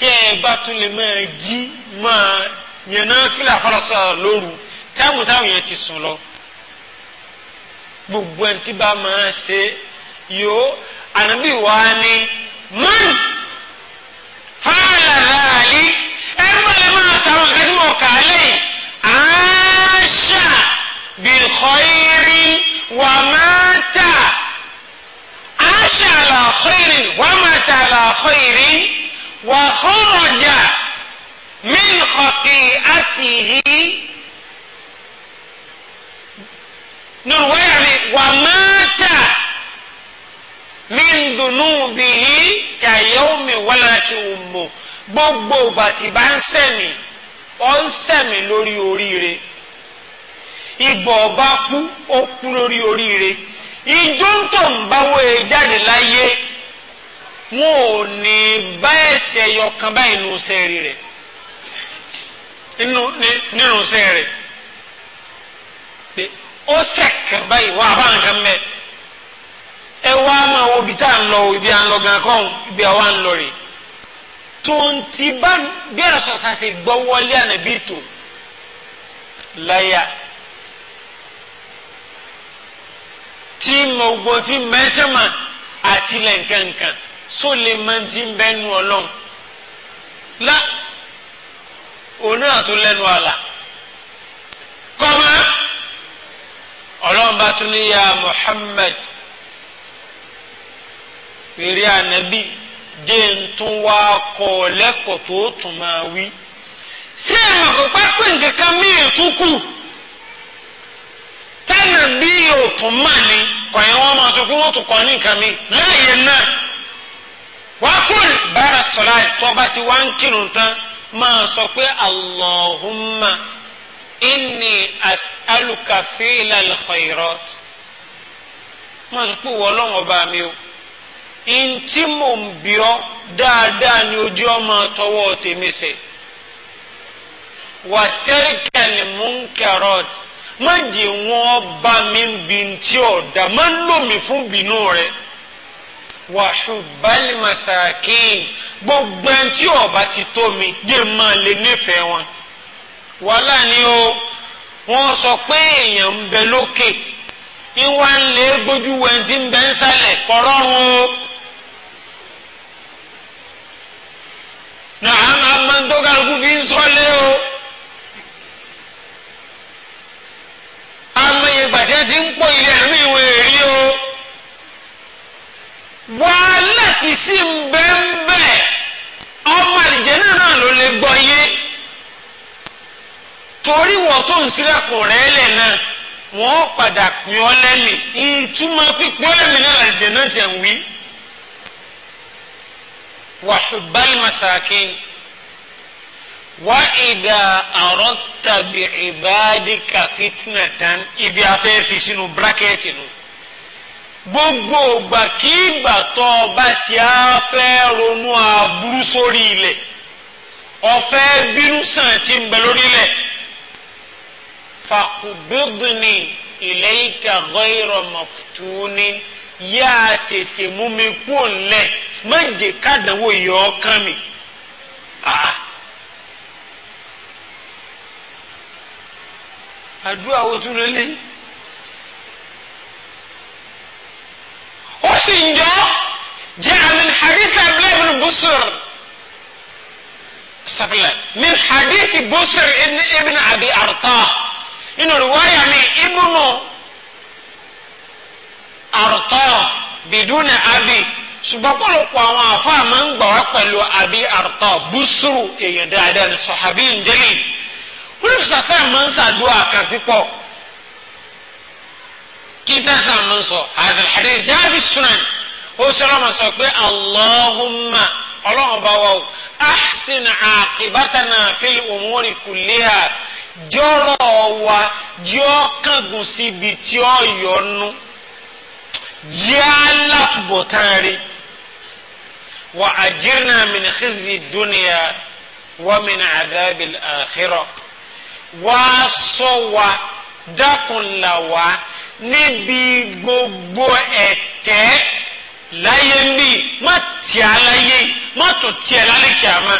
tẹ́ ẹ bá tún lè máa jí máa yẹn náà fílà fọlọ́sọ lóru táwọn táwọn yẹn ti sùn lọ gbogbo ẹni tí bá máa ṣe yòó ànábì wa ni man fàlàlàlì sàrọ̀ nǹkan tí mo kà á lẹ́yìn àṣà bìkọ́ìrì wà máa tà àṣà làkọ́ìrì wà máa tà làkọ́ìrì wà kọ́rọ̀jà min kọ̀kì àtìhí nùrùwẹ́yà ni wà máa tà min dùnú bìhí kàyọ́mi wàlàtì ọmọ gbogbo bàtì bá ń sẹ́ni ọ ń sẹ̀mí lórí oríire ìgbọ̀ ọba kú ó kú lórí oríire ìjọ ń tọ̀ ń báwo e jáde láyé wọn ò ní bá ẹsẹ̀ ẹyọ kan báyìí nínú iṣẹ́ rẹ̀ nínú iṣẹ́ pé ó sẹ̀kẹ̀ báyìí wọ́n àbá nǹkan mẹ́ ẹ wá máa wo ibi tá à ń lọ ibi à ń lọ gan kọ́ ibi àwa ń lọ rèé tontiba bẹrẹ sọsase gbọwọlé anabi tó laya tí mọgbọn tí mẹsẹmà àti lẹǹkankan so lè máa ti bẹnu Ọlọ́run la òní àtún lẹnu àlà kọmá Ọlọ́run tún ní ya Muhammad pèrè anabi jẹ́ ń tún wá kọ́ lẹ́kọ̀ọ́ tó tún máa wí. ṣé ẹ̀mọ̀ kó pápẹ́ nǹkan míì tún kù tẹ́nà bí òtún mà ní kọ̀yìn wọn máa sọ pé wọ́n tún kọ́ ní nǹkan láàyè náà wàá kú bára sọ̀rọ̀ àtọ́ba tí ń kírun tán máa sọ pé allahumma inni as'aluka fi'lal khairat máa sọ pé wọ́n bá mi o. ntí mò ń bí ọ dáadáa ni ojú ọmọ tọwọ́ tèmi sè wà tẹ́ríkẹ̀lì mú ń kẹrọt má wọ́n bá mi ń bi ntí ọ̀dà má lò mí fún bínú wà masakin gbogbo ọba ti tó mi jẹ́ máa lè nífẹ̀ẹ́ wọn wàhálà ni o wọn sọ pé èèyàn ń bẹ lókè ìwà ń na amantọ́kàlùkù fi ń sọ́lé o amẹyẹ o ti ń pọ̀ ilé àmì o wàhálà ti sí ń bẹ́ẹ̀ ń bẹ́ẹ̀ ọmọ àlìjẹ́nà náà ló lè torí tó ń sílẹ̀kùn rẹ̀ lẹ̀ náà wọn padà pín ọ náà ti وحب المساكين وإذا أردت بعبادك فتنة ibi afẹ́ fi sínú bírákẹ́tì nù gbogbo ìgbàkígbà tó o bá ti á fẹ́ ronú aburú sórí ilẹ̀ ọ̀fẹ́ bínú sàn ti ń bẹ lórí ilẹ̀ fàkùbídùnì ilayka ghayra maftunin yá tètè mú mi kúò ńlẹ̀ má jẹ́ kádàwó yọ ọ́ kán mi. Ah. àdúrà wo tún lè léyìn. ó sì ń jọ jẹ́ àmì hadith abdullahi ibn busr sabila min hadith busr ibn abi arta inú riwaya mi ibnu àrùtọ́ bìdúnà àbí ṣùgbọ́n pọ̀lọpọ̀ àwọn àfáà máa ń gbà wá pẹ̀lú àbí àrùtọ́ búṣúrù èèyàn dáadáa ní sọ̀hábí ìjẹ́lì olùsọ sáà máa ń ṣàdúrà kan pípọ̀ kí n máa ń sọ àdàlhàdé jáàbí sunan ó sọ̀rọ̀ máa sọ pé allahumma ọlọ́run bá wà ó ahsin àkìbátànà fil umuri kulliha jọ́rọ̀ wa jọ́ kángun síbi tí ó yọnu jẹ́ alátúbọ̀tán rí wà àjírnà min khizi dúnìyà wà min àdábì àkhírọ̀ wà sọ wà dákùnlà wà níbi gbogbo ẹ̀tẹ́ láyé ń má tìá láyé má tó tìá lálẹ́ kìámà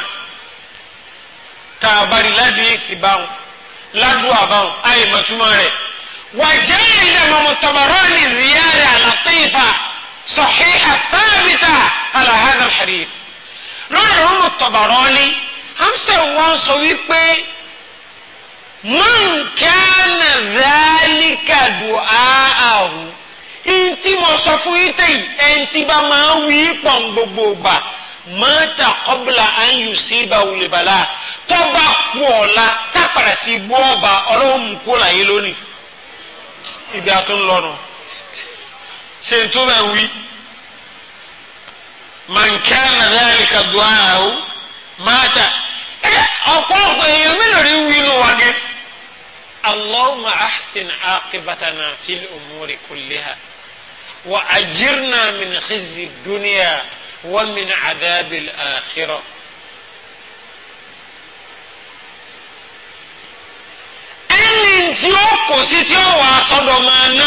tá a bá rí ládùú ìfìbáwọn ládùú àbáwọn àyè mọ̀túmọ̀ rẹ̀. وجاء الإمام الطبراني زيادة لطيفة صحيحة ثابتة على هذا الحديث lọ́dọ̀ ọmọ tọ̀bọ̀rọ́lé hamsa wọn sọ wípé man kana dhalika du'aahu ntí mo sọ fún yìí tẹ̀yì ẹ̀ntì bá máa wí pọ̀n gbogbo gbà mọ́tà qabla an yusiba wùlẹ̀bàlà tọ́ba kú ọ̀la tápàrà sí bú ọba ọlọ́run kú ọ̀la yìí lónìí. ibi àtúnlọ́nu ṣe n tó bá ń wí mànkà nàdáàlì kàdúrà áwò máta ẹ ọ̀pọ̀lọpọ̀ yi mi lori wí nù wágé allahumma ahsin aqibatana fil umuri kulliha wa ajirna min khizi duniya wa min adabil akhirah. ntí ó kò sí tí ó wà sọ́dọ̀ máa ná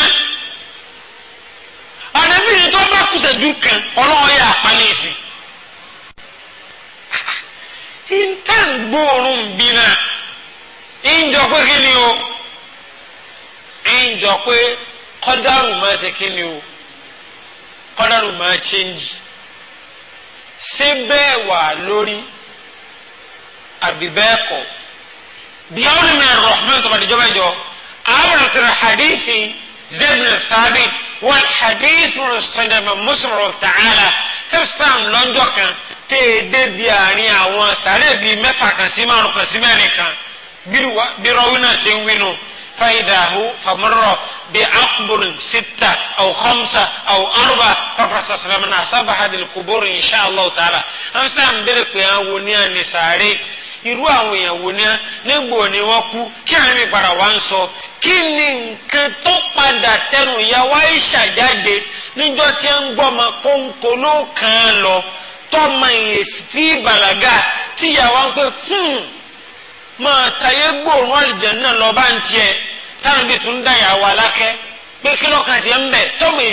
ànábì yìí tó bá kùsẹ̀ kùsẹ̀dù kan ọlọ́wọ́ yà apá ní ìsìn ntàn gbóòórùn bí náà ìjọ pé kí ni o ìjọ pé kọ́dárù máa ṣe kí ni o kọ́dárù máa ṣéǹjì ṣé bẹ́ẹ̀ wà lórí àbí bẹ́ẹ̀ kọ́. biawni min arrahman tó bá di jọba jọ abana tẹ̀lé hadithi zayd bin thabit wal hadithi sọdọ̀mọ̀ musoro ta'ala tẹ̀sán lọ́njọ́ kan tẹ̀ẹ́dẹ́ bi àárín àwọn sàrẹ́ bíi mẹ́fà kan sí márùn kan sí mẹ́rin kan bí rọ́wínà ṣe ń wínú fàyídàhù fàmúrọ̀ bí akburin sita aw khamsa aw arba fàkàrà sàlámù náà sábà hadìl kúbúrú inṣàlá ta'ala. an sàn bẹ̀rẹ̀ pé àwọn oníyàn irú àwọn èèyàn wò ni ẹ nígbò ni wọ́n kú kí àmì ìpara ń sọ kí ni nǹkan tó padà tẹnu ìyàwó àìsà jáde níjọ́ tí ń gbọ́ ọmọ kóńkó ló kàn án lọ tọ́mọ ìyèsí tí bàlágà tíyàwó ń pè máa hmm, tayé gbòòrùn àlìjẹ̀nu náà lọ́ọ́ bá ń tiẹ̀ táwọn ibi tún ń dá ìyàwó alákẹ́ pé kí lọ́kàn tiẹ̀ ń bẹ̀ tọ́mọ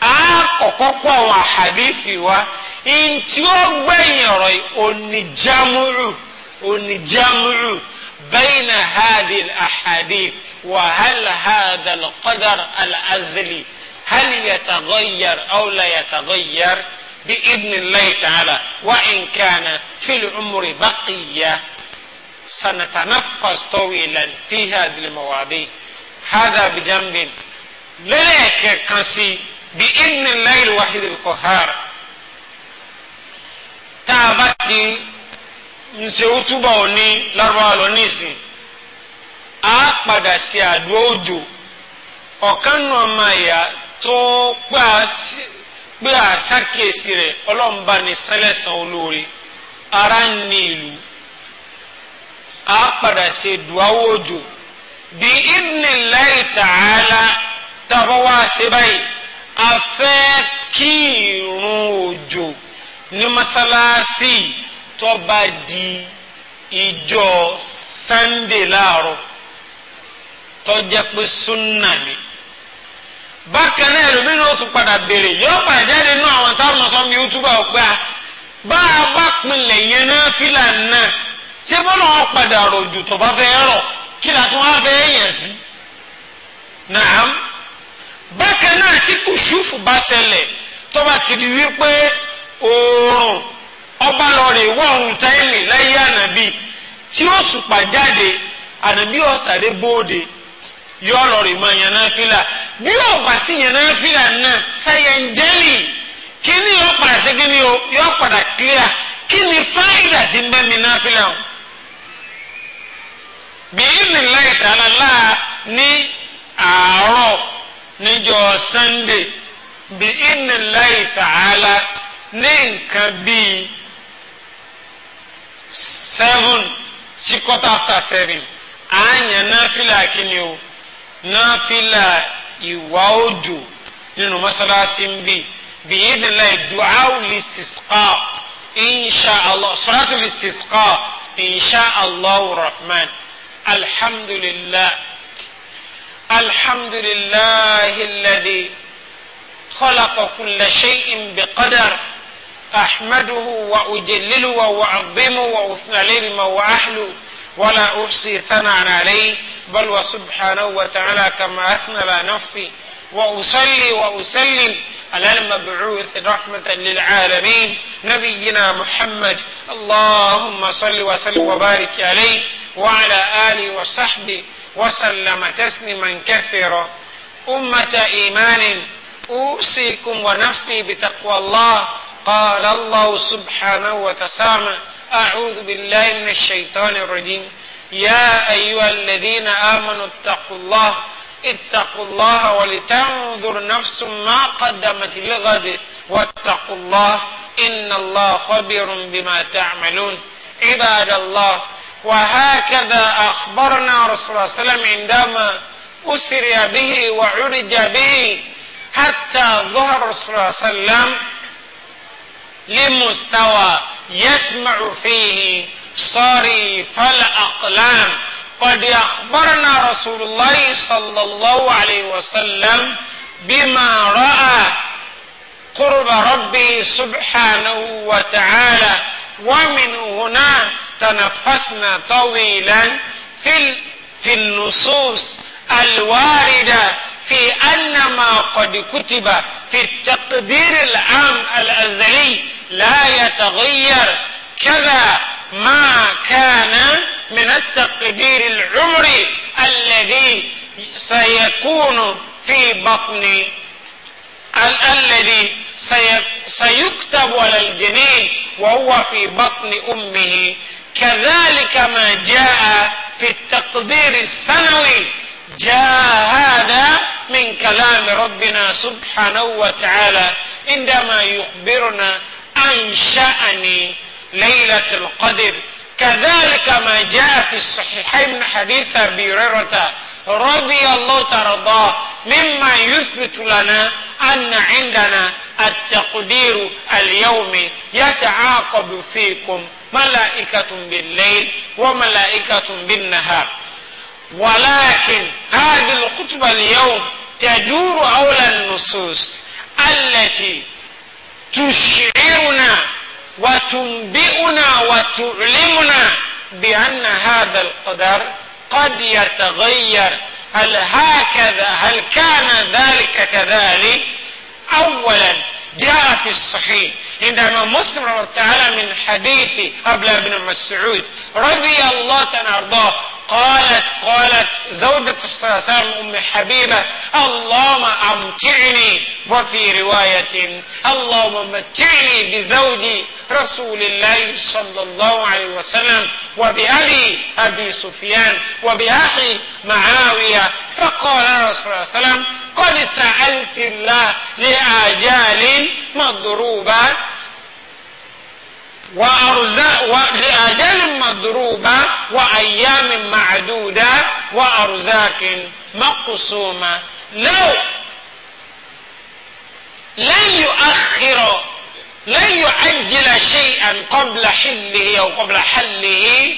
akọkọkọ wa kó wa ntí ó gbẹ̀yìn ọ̀rọ̀ oni jamuru oni jamuru bẹ́yìn hàdí àhàdí wà hàl hàdà lọ́kọ́dàr àlàzìlì hàl yàtàgọ́yàr àwòlà yàtàgọ́yàr bí ibni láyé tààlà wà in nkàna fílì umri bàqìyà sanatanaffas طويلا في هذه المواضيع هذا بجنب لذلك كان بإذن الله الواحد القهار tábàtì nse utuba òní lárúbáwá lọ nísìn á padà sí àdúrà òjò ọ̀kan nù ọmọ ẹ̀yà tó pé àṣàkíyèsí rẹ̀ ọlọ́mba ní sẹ́lẹ̀sán olóore ara ń ní ìlú á padà sí dùá òjò bí idnillahi ta'ala tàbá wá ṣe báyìí a fẹ́ kí irun òjò ní masalasi tó di ìjọ sannde láàárọ̀ tó jẹ́ pé sunna ni bákan náà ẹlòmínú ó tún padà béèrè yóò padà jáde nínú àwọn táwọn mọ̀sán mi ó túbọ̀ a bá a bá pinlẹ̀ yẹn náà fílà náà ṣé bọ́lá wọn padà rọ̀jò tó bá fẹ́ rọ̀ kí ni a tún wá fẹ́ yẹn sí bákan náà tí kùsùfù bá ṣẹlẹ̀ tó bá ti di wípé oòrùn ọba lọ rè wọ ohun táìlì láyé ànábì tí ó sùpà jáde ànábì ọ̀sàdé bóde yọ lọ rè mọ yẹn náà fìlà bí ọba sí yẹn náà fìlà náà sàyẹnjẹlì kíni padà sí kíni o yọ padà clear kíni fáìdà ti ń bẹ mi náà fìlà o bí ìdìláì tààlà láà ní àárọ̀ níjọ́ sunday bí ìnìláì tààlà ní nǹkan bíi seven sí quarter after seven àáyàn náfìlà kíni o náfìlà ìwà òjò nínú mọ́sálásí ń bì bí ìdílé duawu listisqa insha allah salatu listisqa insha allah rahman alhamdulillah. الحمد لله الذي خلق كل شيء بقدر أحمده وأجلله وأعظمه وأثنى عليه بما هو أهله ولا أحصي ثناء عليه بل وسبحانه وتعالى كما أثنى على نفسي وأصلي وأسلم على المبعوث رحمة للعالمين نبينا محمد اللهم صل وسلم وبارك عليه وعلى آله وصحبه وسلم تسليما كثيرا أمة إيمان أوصيكم ونفسي بتقوى الله قال الله سبحانه وتسامى أعوذ بالله من الشيطان الرجيم يا أيها الذين آمنوا اتقوا الله اتقوا الله ولتنظر نفس ما قدمت لغد واتقوا الله إن الله خبير بما تعملون عباد الله وهكذا أخبرنا رسول الله صلى الله عليه وسلم عندما أسري به وعرج به حتى ظهر رسول الله صلى الله عليه وسلم لمستوى يسمع فيه صريف الأقلام قد أخبرنا رسول الله صلى الله عليه وسلم بما رأى قرب ربه سبحانه وتعالى ومن هنا تنفسنا طويلا في في النصوص الواردة في أن ما قد كتب في التقدير العام الأزلي لا يتغير كذا ما كان من التقدير العمري الذي سيكون في بطن الذي سيكتب على الجنين وهو في بطن أمه كذلك ما جاء في التقدير السنوي جاء هذا من كلام ربنا سبحانه وتعالى عندما يخبرنا عن شأن ليلة القدر كذلك ما جاء في الصحيحين من حديث أبي هريرة رضي الله ترضاه مما يثبت لنا أن عندنا التقدير اليومي يتعاقب فيكم ملائكة بالليل وملائكة بالنهار ولكن هذه الخطبة اليوم تدور حول النصوص التي تشعرنا وتنبئنا وتعلمنا بأن هذا القدر قد يتغير هل هكذا هل كان ذلك كذلك أولا جاء في الصحيح عندما مسلم رحمه الله تعالى من حديث أبلا بن مسعود رضي الله تعالى أرضاه قالت قالت زوجة الصلاة أم حبيبة اللهم أمتعني وفي رواية اللهم متعني بزوجي رسول الله صلى الله عليه وسلم وبأبي أبي سفيان وبأخي معاوية فقال رسول الله صلى الله عليه وسلم قد سألت الله لآجال مضروبة وأرزاق لآجال مضروبة وأيام معدودة وأرزاق مقسومة لو لن يؤخر لن يعجل شيئا قبل حله أو قبل حله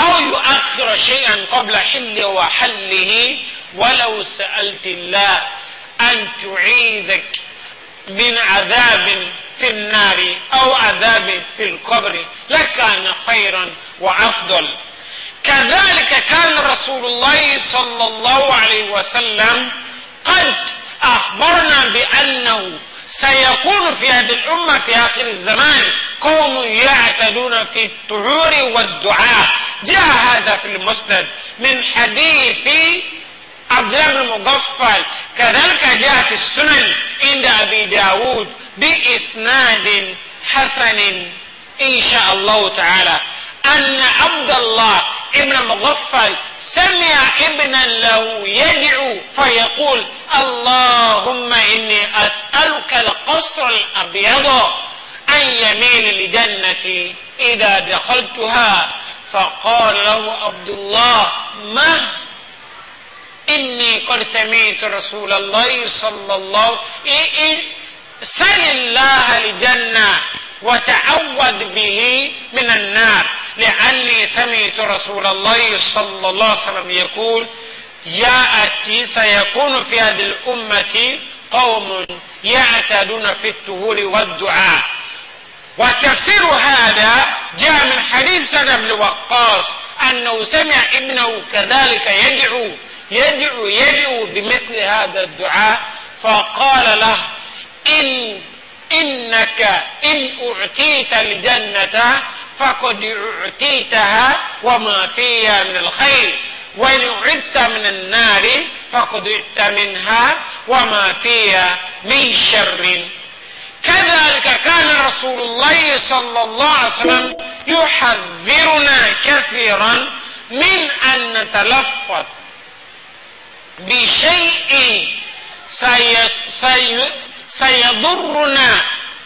أو يؤخر شيئا قبل حله وحله ولو سألت الله أن تعيذك من عذاب في النار أو عذاب في القبر لكان خيرا وأفضل كذلك كان رسول الله صلى الله عليه وسلم قد أخبرنا بأنه سيكون في هذه الأمة في آخر الزمان قوم يعتدون في الطهور والدعاء جاء هذا في المسند من حديث عبد الله بن المغفل كذلك جاءت السنن عند أبي داود بإسناد حسن إن شاء الله تعالى أن عبد الله ابن مغفل سمع ابنا له يدعو فيقول اللهم إني أسألك القصر الأبيض عن يمين الجنة إذا دخلتها فقال له عبد الله ما إني قد سمعت رسول الله صلى الله عليه سل الله الجنة وتعوذ به من النار لأني سمعت رسول الله صلى الله عليه وسلم يقول يأتي سيكون في هذه الأمة قوم يعتدون في الطهور والدعاء وتفسير هذا جاء من حديث سنة بن وقاص أنه سمع ابنه كذلك يدعو يدعو يدعو بمثل هذا الدعاء فقال له إن إنك إن أعطيت الجنة فقد أعطيتها وما فيها من الخير وإن أعدت من النار فقد أعدت منها وما فيها من شر كذلك كان رسول الله صلى الله عليه وسلم يحذرنا كثيرا من أن نتلفظ بشيء سيضرنا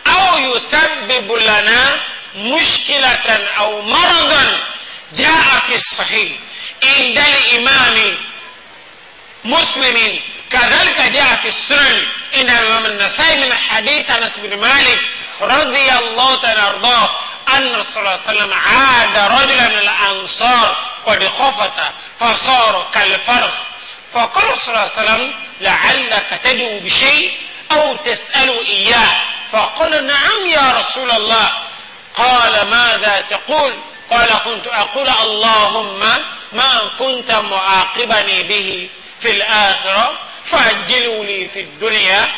أو يسبب لنا مشكلة أو مرضا جاء في الصحيح عند الإمام مسلم كذلك جاء في السنن عند الإمام النسائي من حديث أنس بن مالك رضي الله تعالى عنه أن الله صلى الله عليه وسلم عاد رجلا من الأنصار قد خفت فصار كالفرخ فقال صلى الله عليه وسلم لعلك تدعو بشيء أو تسأل إياه فقال نعم يا رسول الله قال ماذا تقول قال كنت أقول اللهم ما كنت معاقبني به في الآخرة فأجلوا لي في الدنيا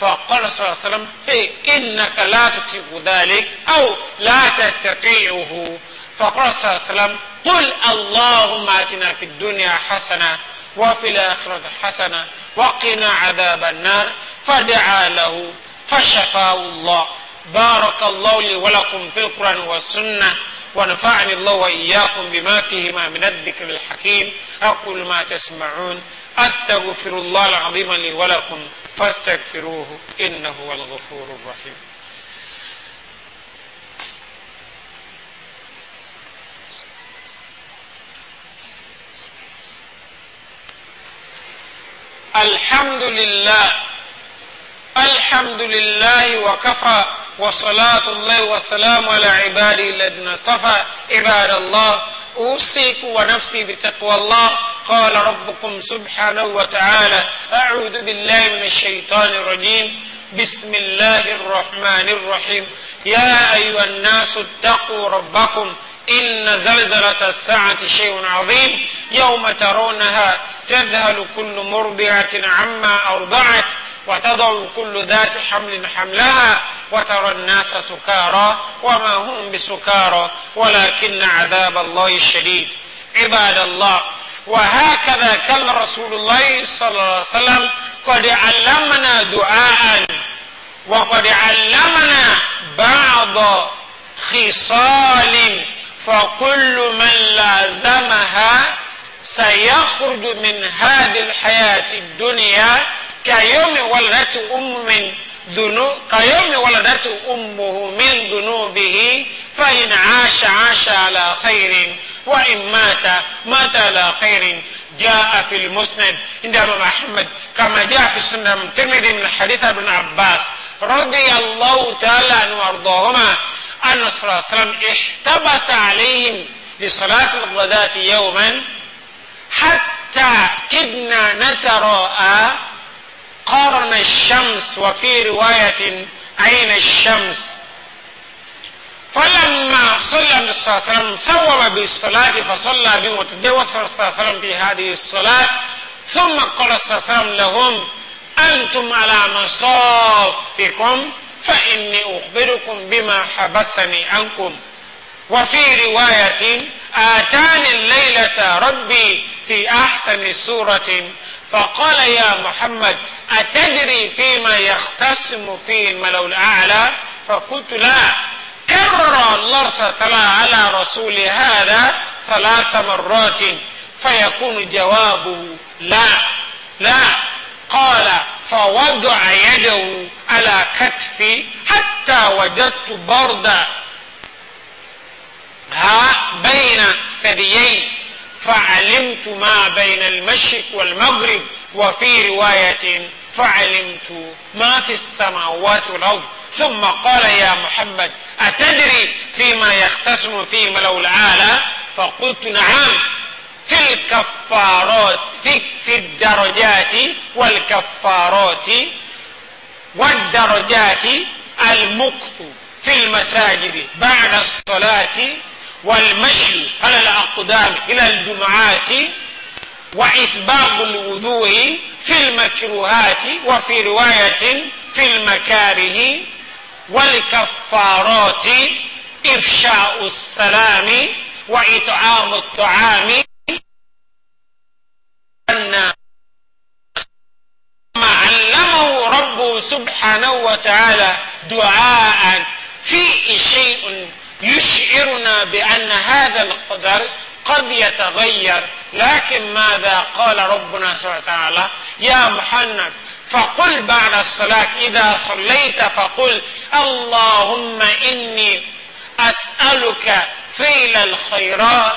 فقال صلى الله عليه وسلم إيه إنك لا تطيق ذلك أو لا تستطيعه فقال صلى الله عليه وسلم قل اللهم آتنا في الدنيا حسنة وفي الآخرة حسنة وقنا عذاب النار فدعا له فشفاه الله بارك الله لي ولكم في القرآن والسنة ونفعني الله وإياكم بما فيهما من الذكر الحكيم أقول ما تسمعون أستغفر الله العظيم لي ولكم فاستغفروه إنه هو الغفور الرحيم الحمد لله الحمد لله وكفى وصلاة الله وسلام على عباده الذين صفى عباد الله أوصيك ونفسي بتقوى الله قال ربكم سبحانه وتعالى أعوذ بالله من الشيطان الرجيم بسم الله الرحمن الرحيم يا أيها الناس اتقوا ربكم إن زلزلة الساعة شيء عظيم يوم ترونها تذهل كل مرضعة عما أرضعت وتضع كل ذات حمل حملها وترى الناس سكارى وما هم بسكارى ولكن عذاب الله الشديد عباد الله وهكذا كان رسول الله صلى الله عليه وسلم قد علمنا دعاء وقد علمنا بعض خصال فكل من لازمها سيخرج من هذه الحياة الدنيا كيوم ولدته أم من ذنوب كيوم ولدته أمه من ذنوبه فإن عاش عاش على خير وإن مات مات على خير جاء في المسند عند أبو أحمد كما جاء في السنة الترمذي من حديث ابن عباس رضي الله تعالى عنه وأرضاهما أن الرسول صلى الله عليه وسلم احتبس عليهم لصلاة الغداة يوما حتى كدنا نتراءى قرن الشمس وفي رواية عين الشمس فلما صلى النبي صلى الله عليه وسلم ثوب بالصلاة فصلى بهم وتجوز صلى الله عليه وسلم في هذه الصلاة ثم قال صلى الله عليه وسلم لهم أنتم على مصافكم فإني أخبركم بما حبسني عنكم وفي رواية آتاني الليلة ربي في أحسن سورة فقال يا محمد أتدري فيما يختصم فيه الملو الأعلى فقلت لا كرر الله تعالى على رسول هذا ثلاث مرات فيكون جوابه لا لا قال فوضع يده على كتفي حتى وجدت برد ها بين ثديي فعلمت ما بين المشرق والمغرب وفي رواية فعلمت ما في السماوات والأرض ثم قال يا محمد أتدري فيما يختصم فيه ملو العالى فقلت نعم في الكفارات في, في الدرجات والكفارات والدرجات المكث في المساجد بعد الصلاة والمشي على الأقدام إلى الجمعات وإسباب الوضوء في المكروهات وفي رواية في المكاره والكفارات إفشاء السلام وإطعام الطعام علمه ربه سبحانه وتعالى دعاء فيه شيء يشعرنا بأن هذا القدر قد يتغير لكن ماذا قال ربنا سبحانه وتعالى يا محمد فقل بعد الصلاة إذا صليت فقل اللهم إني أسألك فعل الخيرات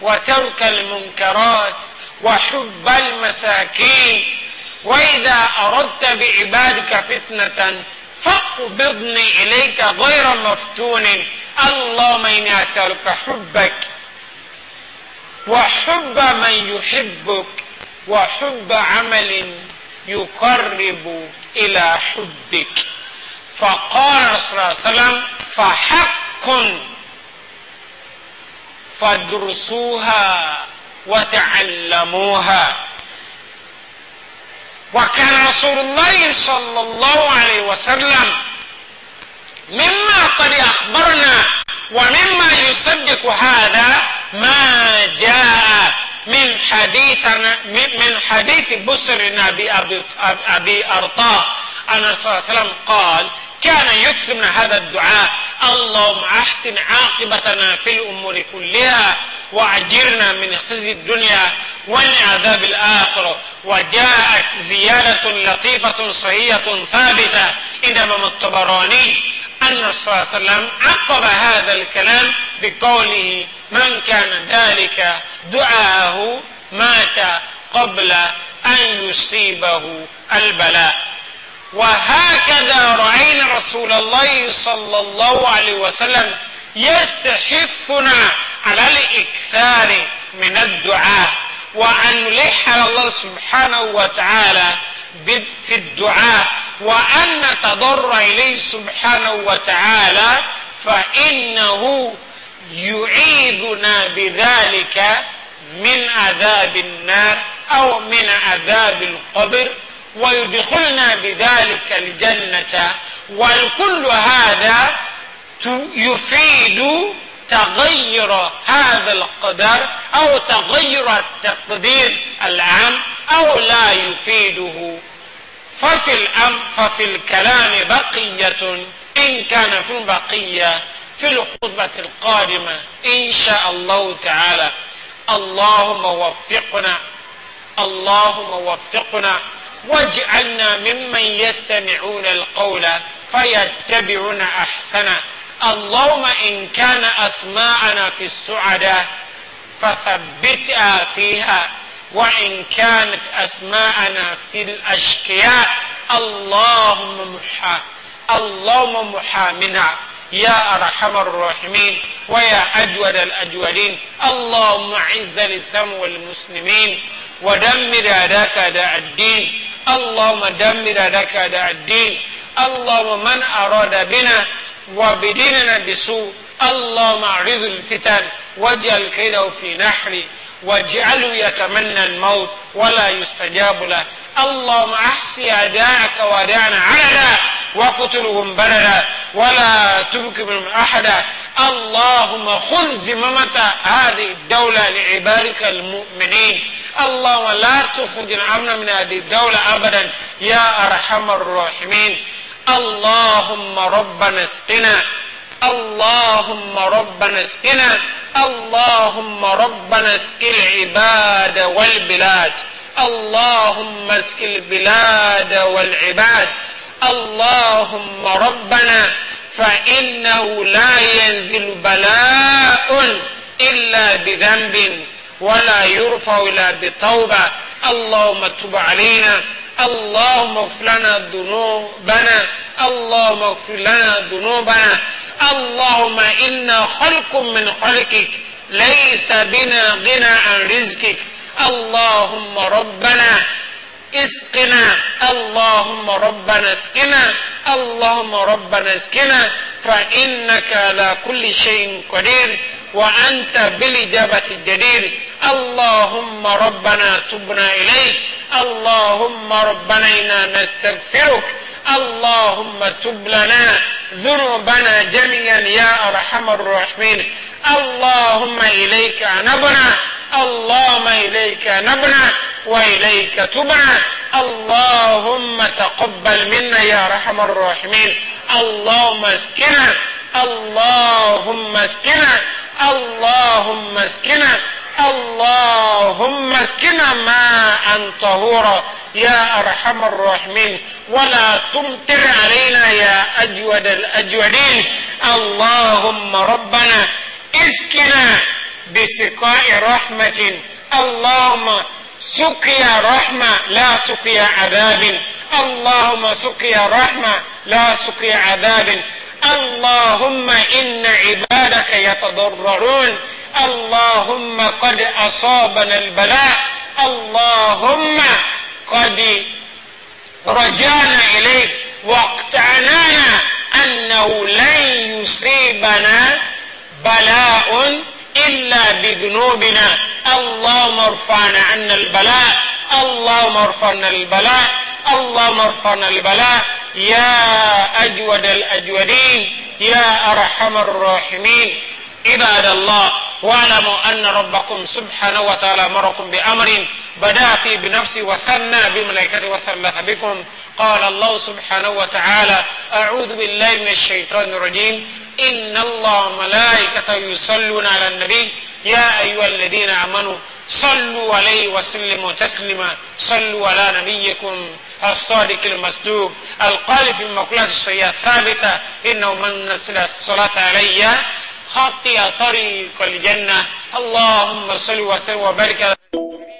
وترك المنكرات وحب المساكين وإذا أردت بعبادك فتنة فاقبضني إليك غير مفتون اللهم إني أسألك حبك وحب من يحبك وحب عمل يقرب إلى حبك فقال صلى الله عليه وسلم فحق فادرسوها وتعلموها وكان رسول الله صلى الله عليه وسلم مما قد أخبرنا ومما يصدق هذا ما جاء من حديث من حديث بسرنا بأبي أرطاه أن الرسول صلى الله عليه وسلم قال كان يكثر من هذا الدعاء اللهم أحسن عاقبتنا في الأمور كلها وأجرنا من خزي الدنيا والعذاب الآخرة وجاءت زيادة لطيفة صحية ثابتة عند الطبراني أن الرسول صلى الله عليه وسلم عقب هذا الكلام بقوله من كان ذلك دعاه مات قبل أن يصيبه البلاء وهكذا رأينا رسول الله صلى الله عليه وسلم يستحثنا على الإكثار من الدعاء وأن نلح على الله سبحانه وتعالى في الدعاء وأن نتضر إليه سبحانه وتعالى فإنه يعيذنا بذلك من عذاب النار أو من عذاب القبر ويدخلنا بذلك الجنة والكل هذا يفيد تغير هذا القدر أو تغير التقدير العام أو لا يفيده ففي الأم ففي الكلام بقية إن كان في البقية في الخطبة القادمة إن شاء الله تعالى اللهم وفقنا اللهم وفقنا واجعلنا ممن يستمعون القول فيتبعون احسنا اللهم ان كان اسماعنا في السعداء فثبتها فيها وان كانت اسماءنا في الاشقياء اللهم محا اللهم محا منها يا ارحم الراحمين ويا اجود الاجودين اللهم اعز الاسلام والمسلمين ودمر اعداءك اعداء الدين اللهم دمر لك الدين اللهم من أراد بنا وبديننا بسوء اللهم اعرض الفتن واجعل كيده في نحري واجعله يتمنى الموت ولا يستجاب له اللهم احصي اعداءك واعداءنا عددا وقتلهم بردا ولا تبك منهم احدا اللهم خذ زمامه هذه الدولة لعبارك المؤمنين اللهم لا تخرج الأمن من هذه الدولة أبدا يا أرحم الراحمين اللهم ربنا اسقنا اللهم ربنا اسقنا اللهم ربنا اسق العباد والبلاد اللهم اسق البلاد والعباد اللهم ربنا فإنه لا ينزل بلاء إلا بذنب ولا يرفع إلا بتوبة اللهم تب علينا اللهم اغفر لنا ذنوبنا اللهم اغفر لنا ذنوبنا اللهم إنا خلق من خلقك ليس بنا غنى عن رزقك اللهم ربنا اسقنا اللهم ربنا اسقنا اللهم ربنا اسقنا فإنك على كل شيء قدير وأنت بالإجابة الجدير اللهم ربنا تبنا إليك اللهم ربنا إنا نستغفرك اللهم تب لنا ذنوبنا جميعا يا أرحم الراحمين اللهم إليك نبنا اللهم إليك نبنا وإليك تبنا اللهم تقبل منا يا أرحم الراحمين اللهم اسكنا اللهم اسكنا اللهم اسكنا اللهم اسقنا ماء طهورا يا أرحم الراحمين ولا تمطر علينا يا أجود الأجودين اللهم ربنا اسقنا بسقاء رحمة اللهم سقيا رحمة لا سقيا عذاب اللهم سقيا رحمة لا سقيا عذاب اللهم إن عبادك يتضرعون اللهم قد أصابنا البلاء اللهم قد رجعنا إليك واقتعنانا أنه لن يصيبنا بلاء إلا بذنوبنا اللهم ارفعنا عنا البلاء اللهم ارفعنا البلاء اللهم ارفعنا البلاء يا أجود الأجودين يا أرحم الراحمين عباد الله واعلموا أن ربكم سبحانه وتعالى أمركم بأمر بدا في بنفسي وثنى بالملائكة وثلث بكم قال الله سبحانه وتعالى أعوذ بالله من الشيطان الرجيم إن الله ملائكة يصلون على النبي يا أيها الذين آمنوا صلوا عليه وسلموا تسليما صلوا على نبيكم الصادق المصدوق القال في مقولات الشيئة الثابتة إنه من نسل الصلاة علي خطي طريق الجنة اللهم صل وسلم وبارك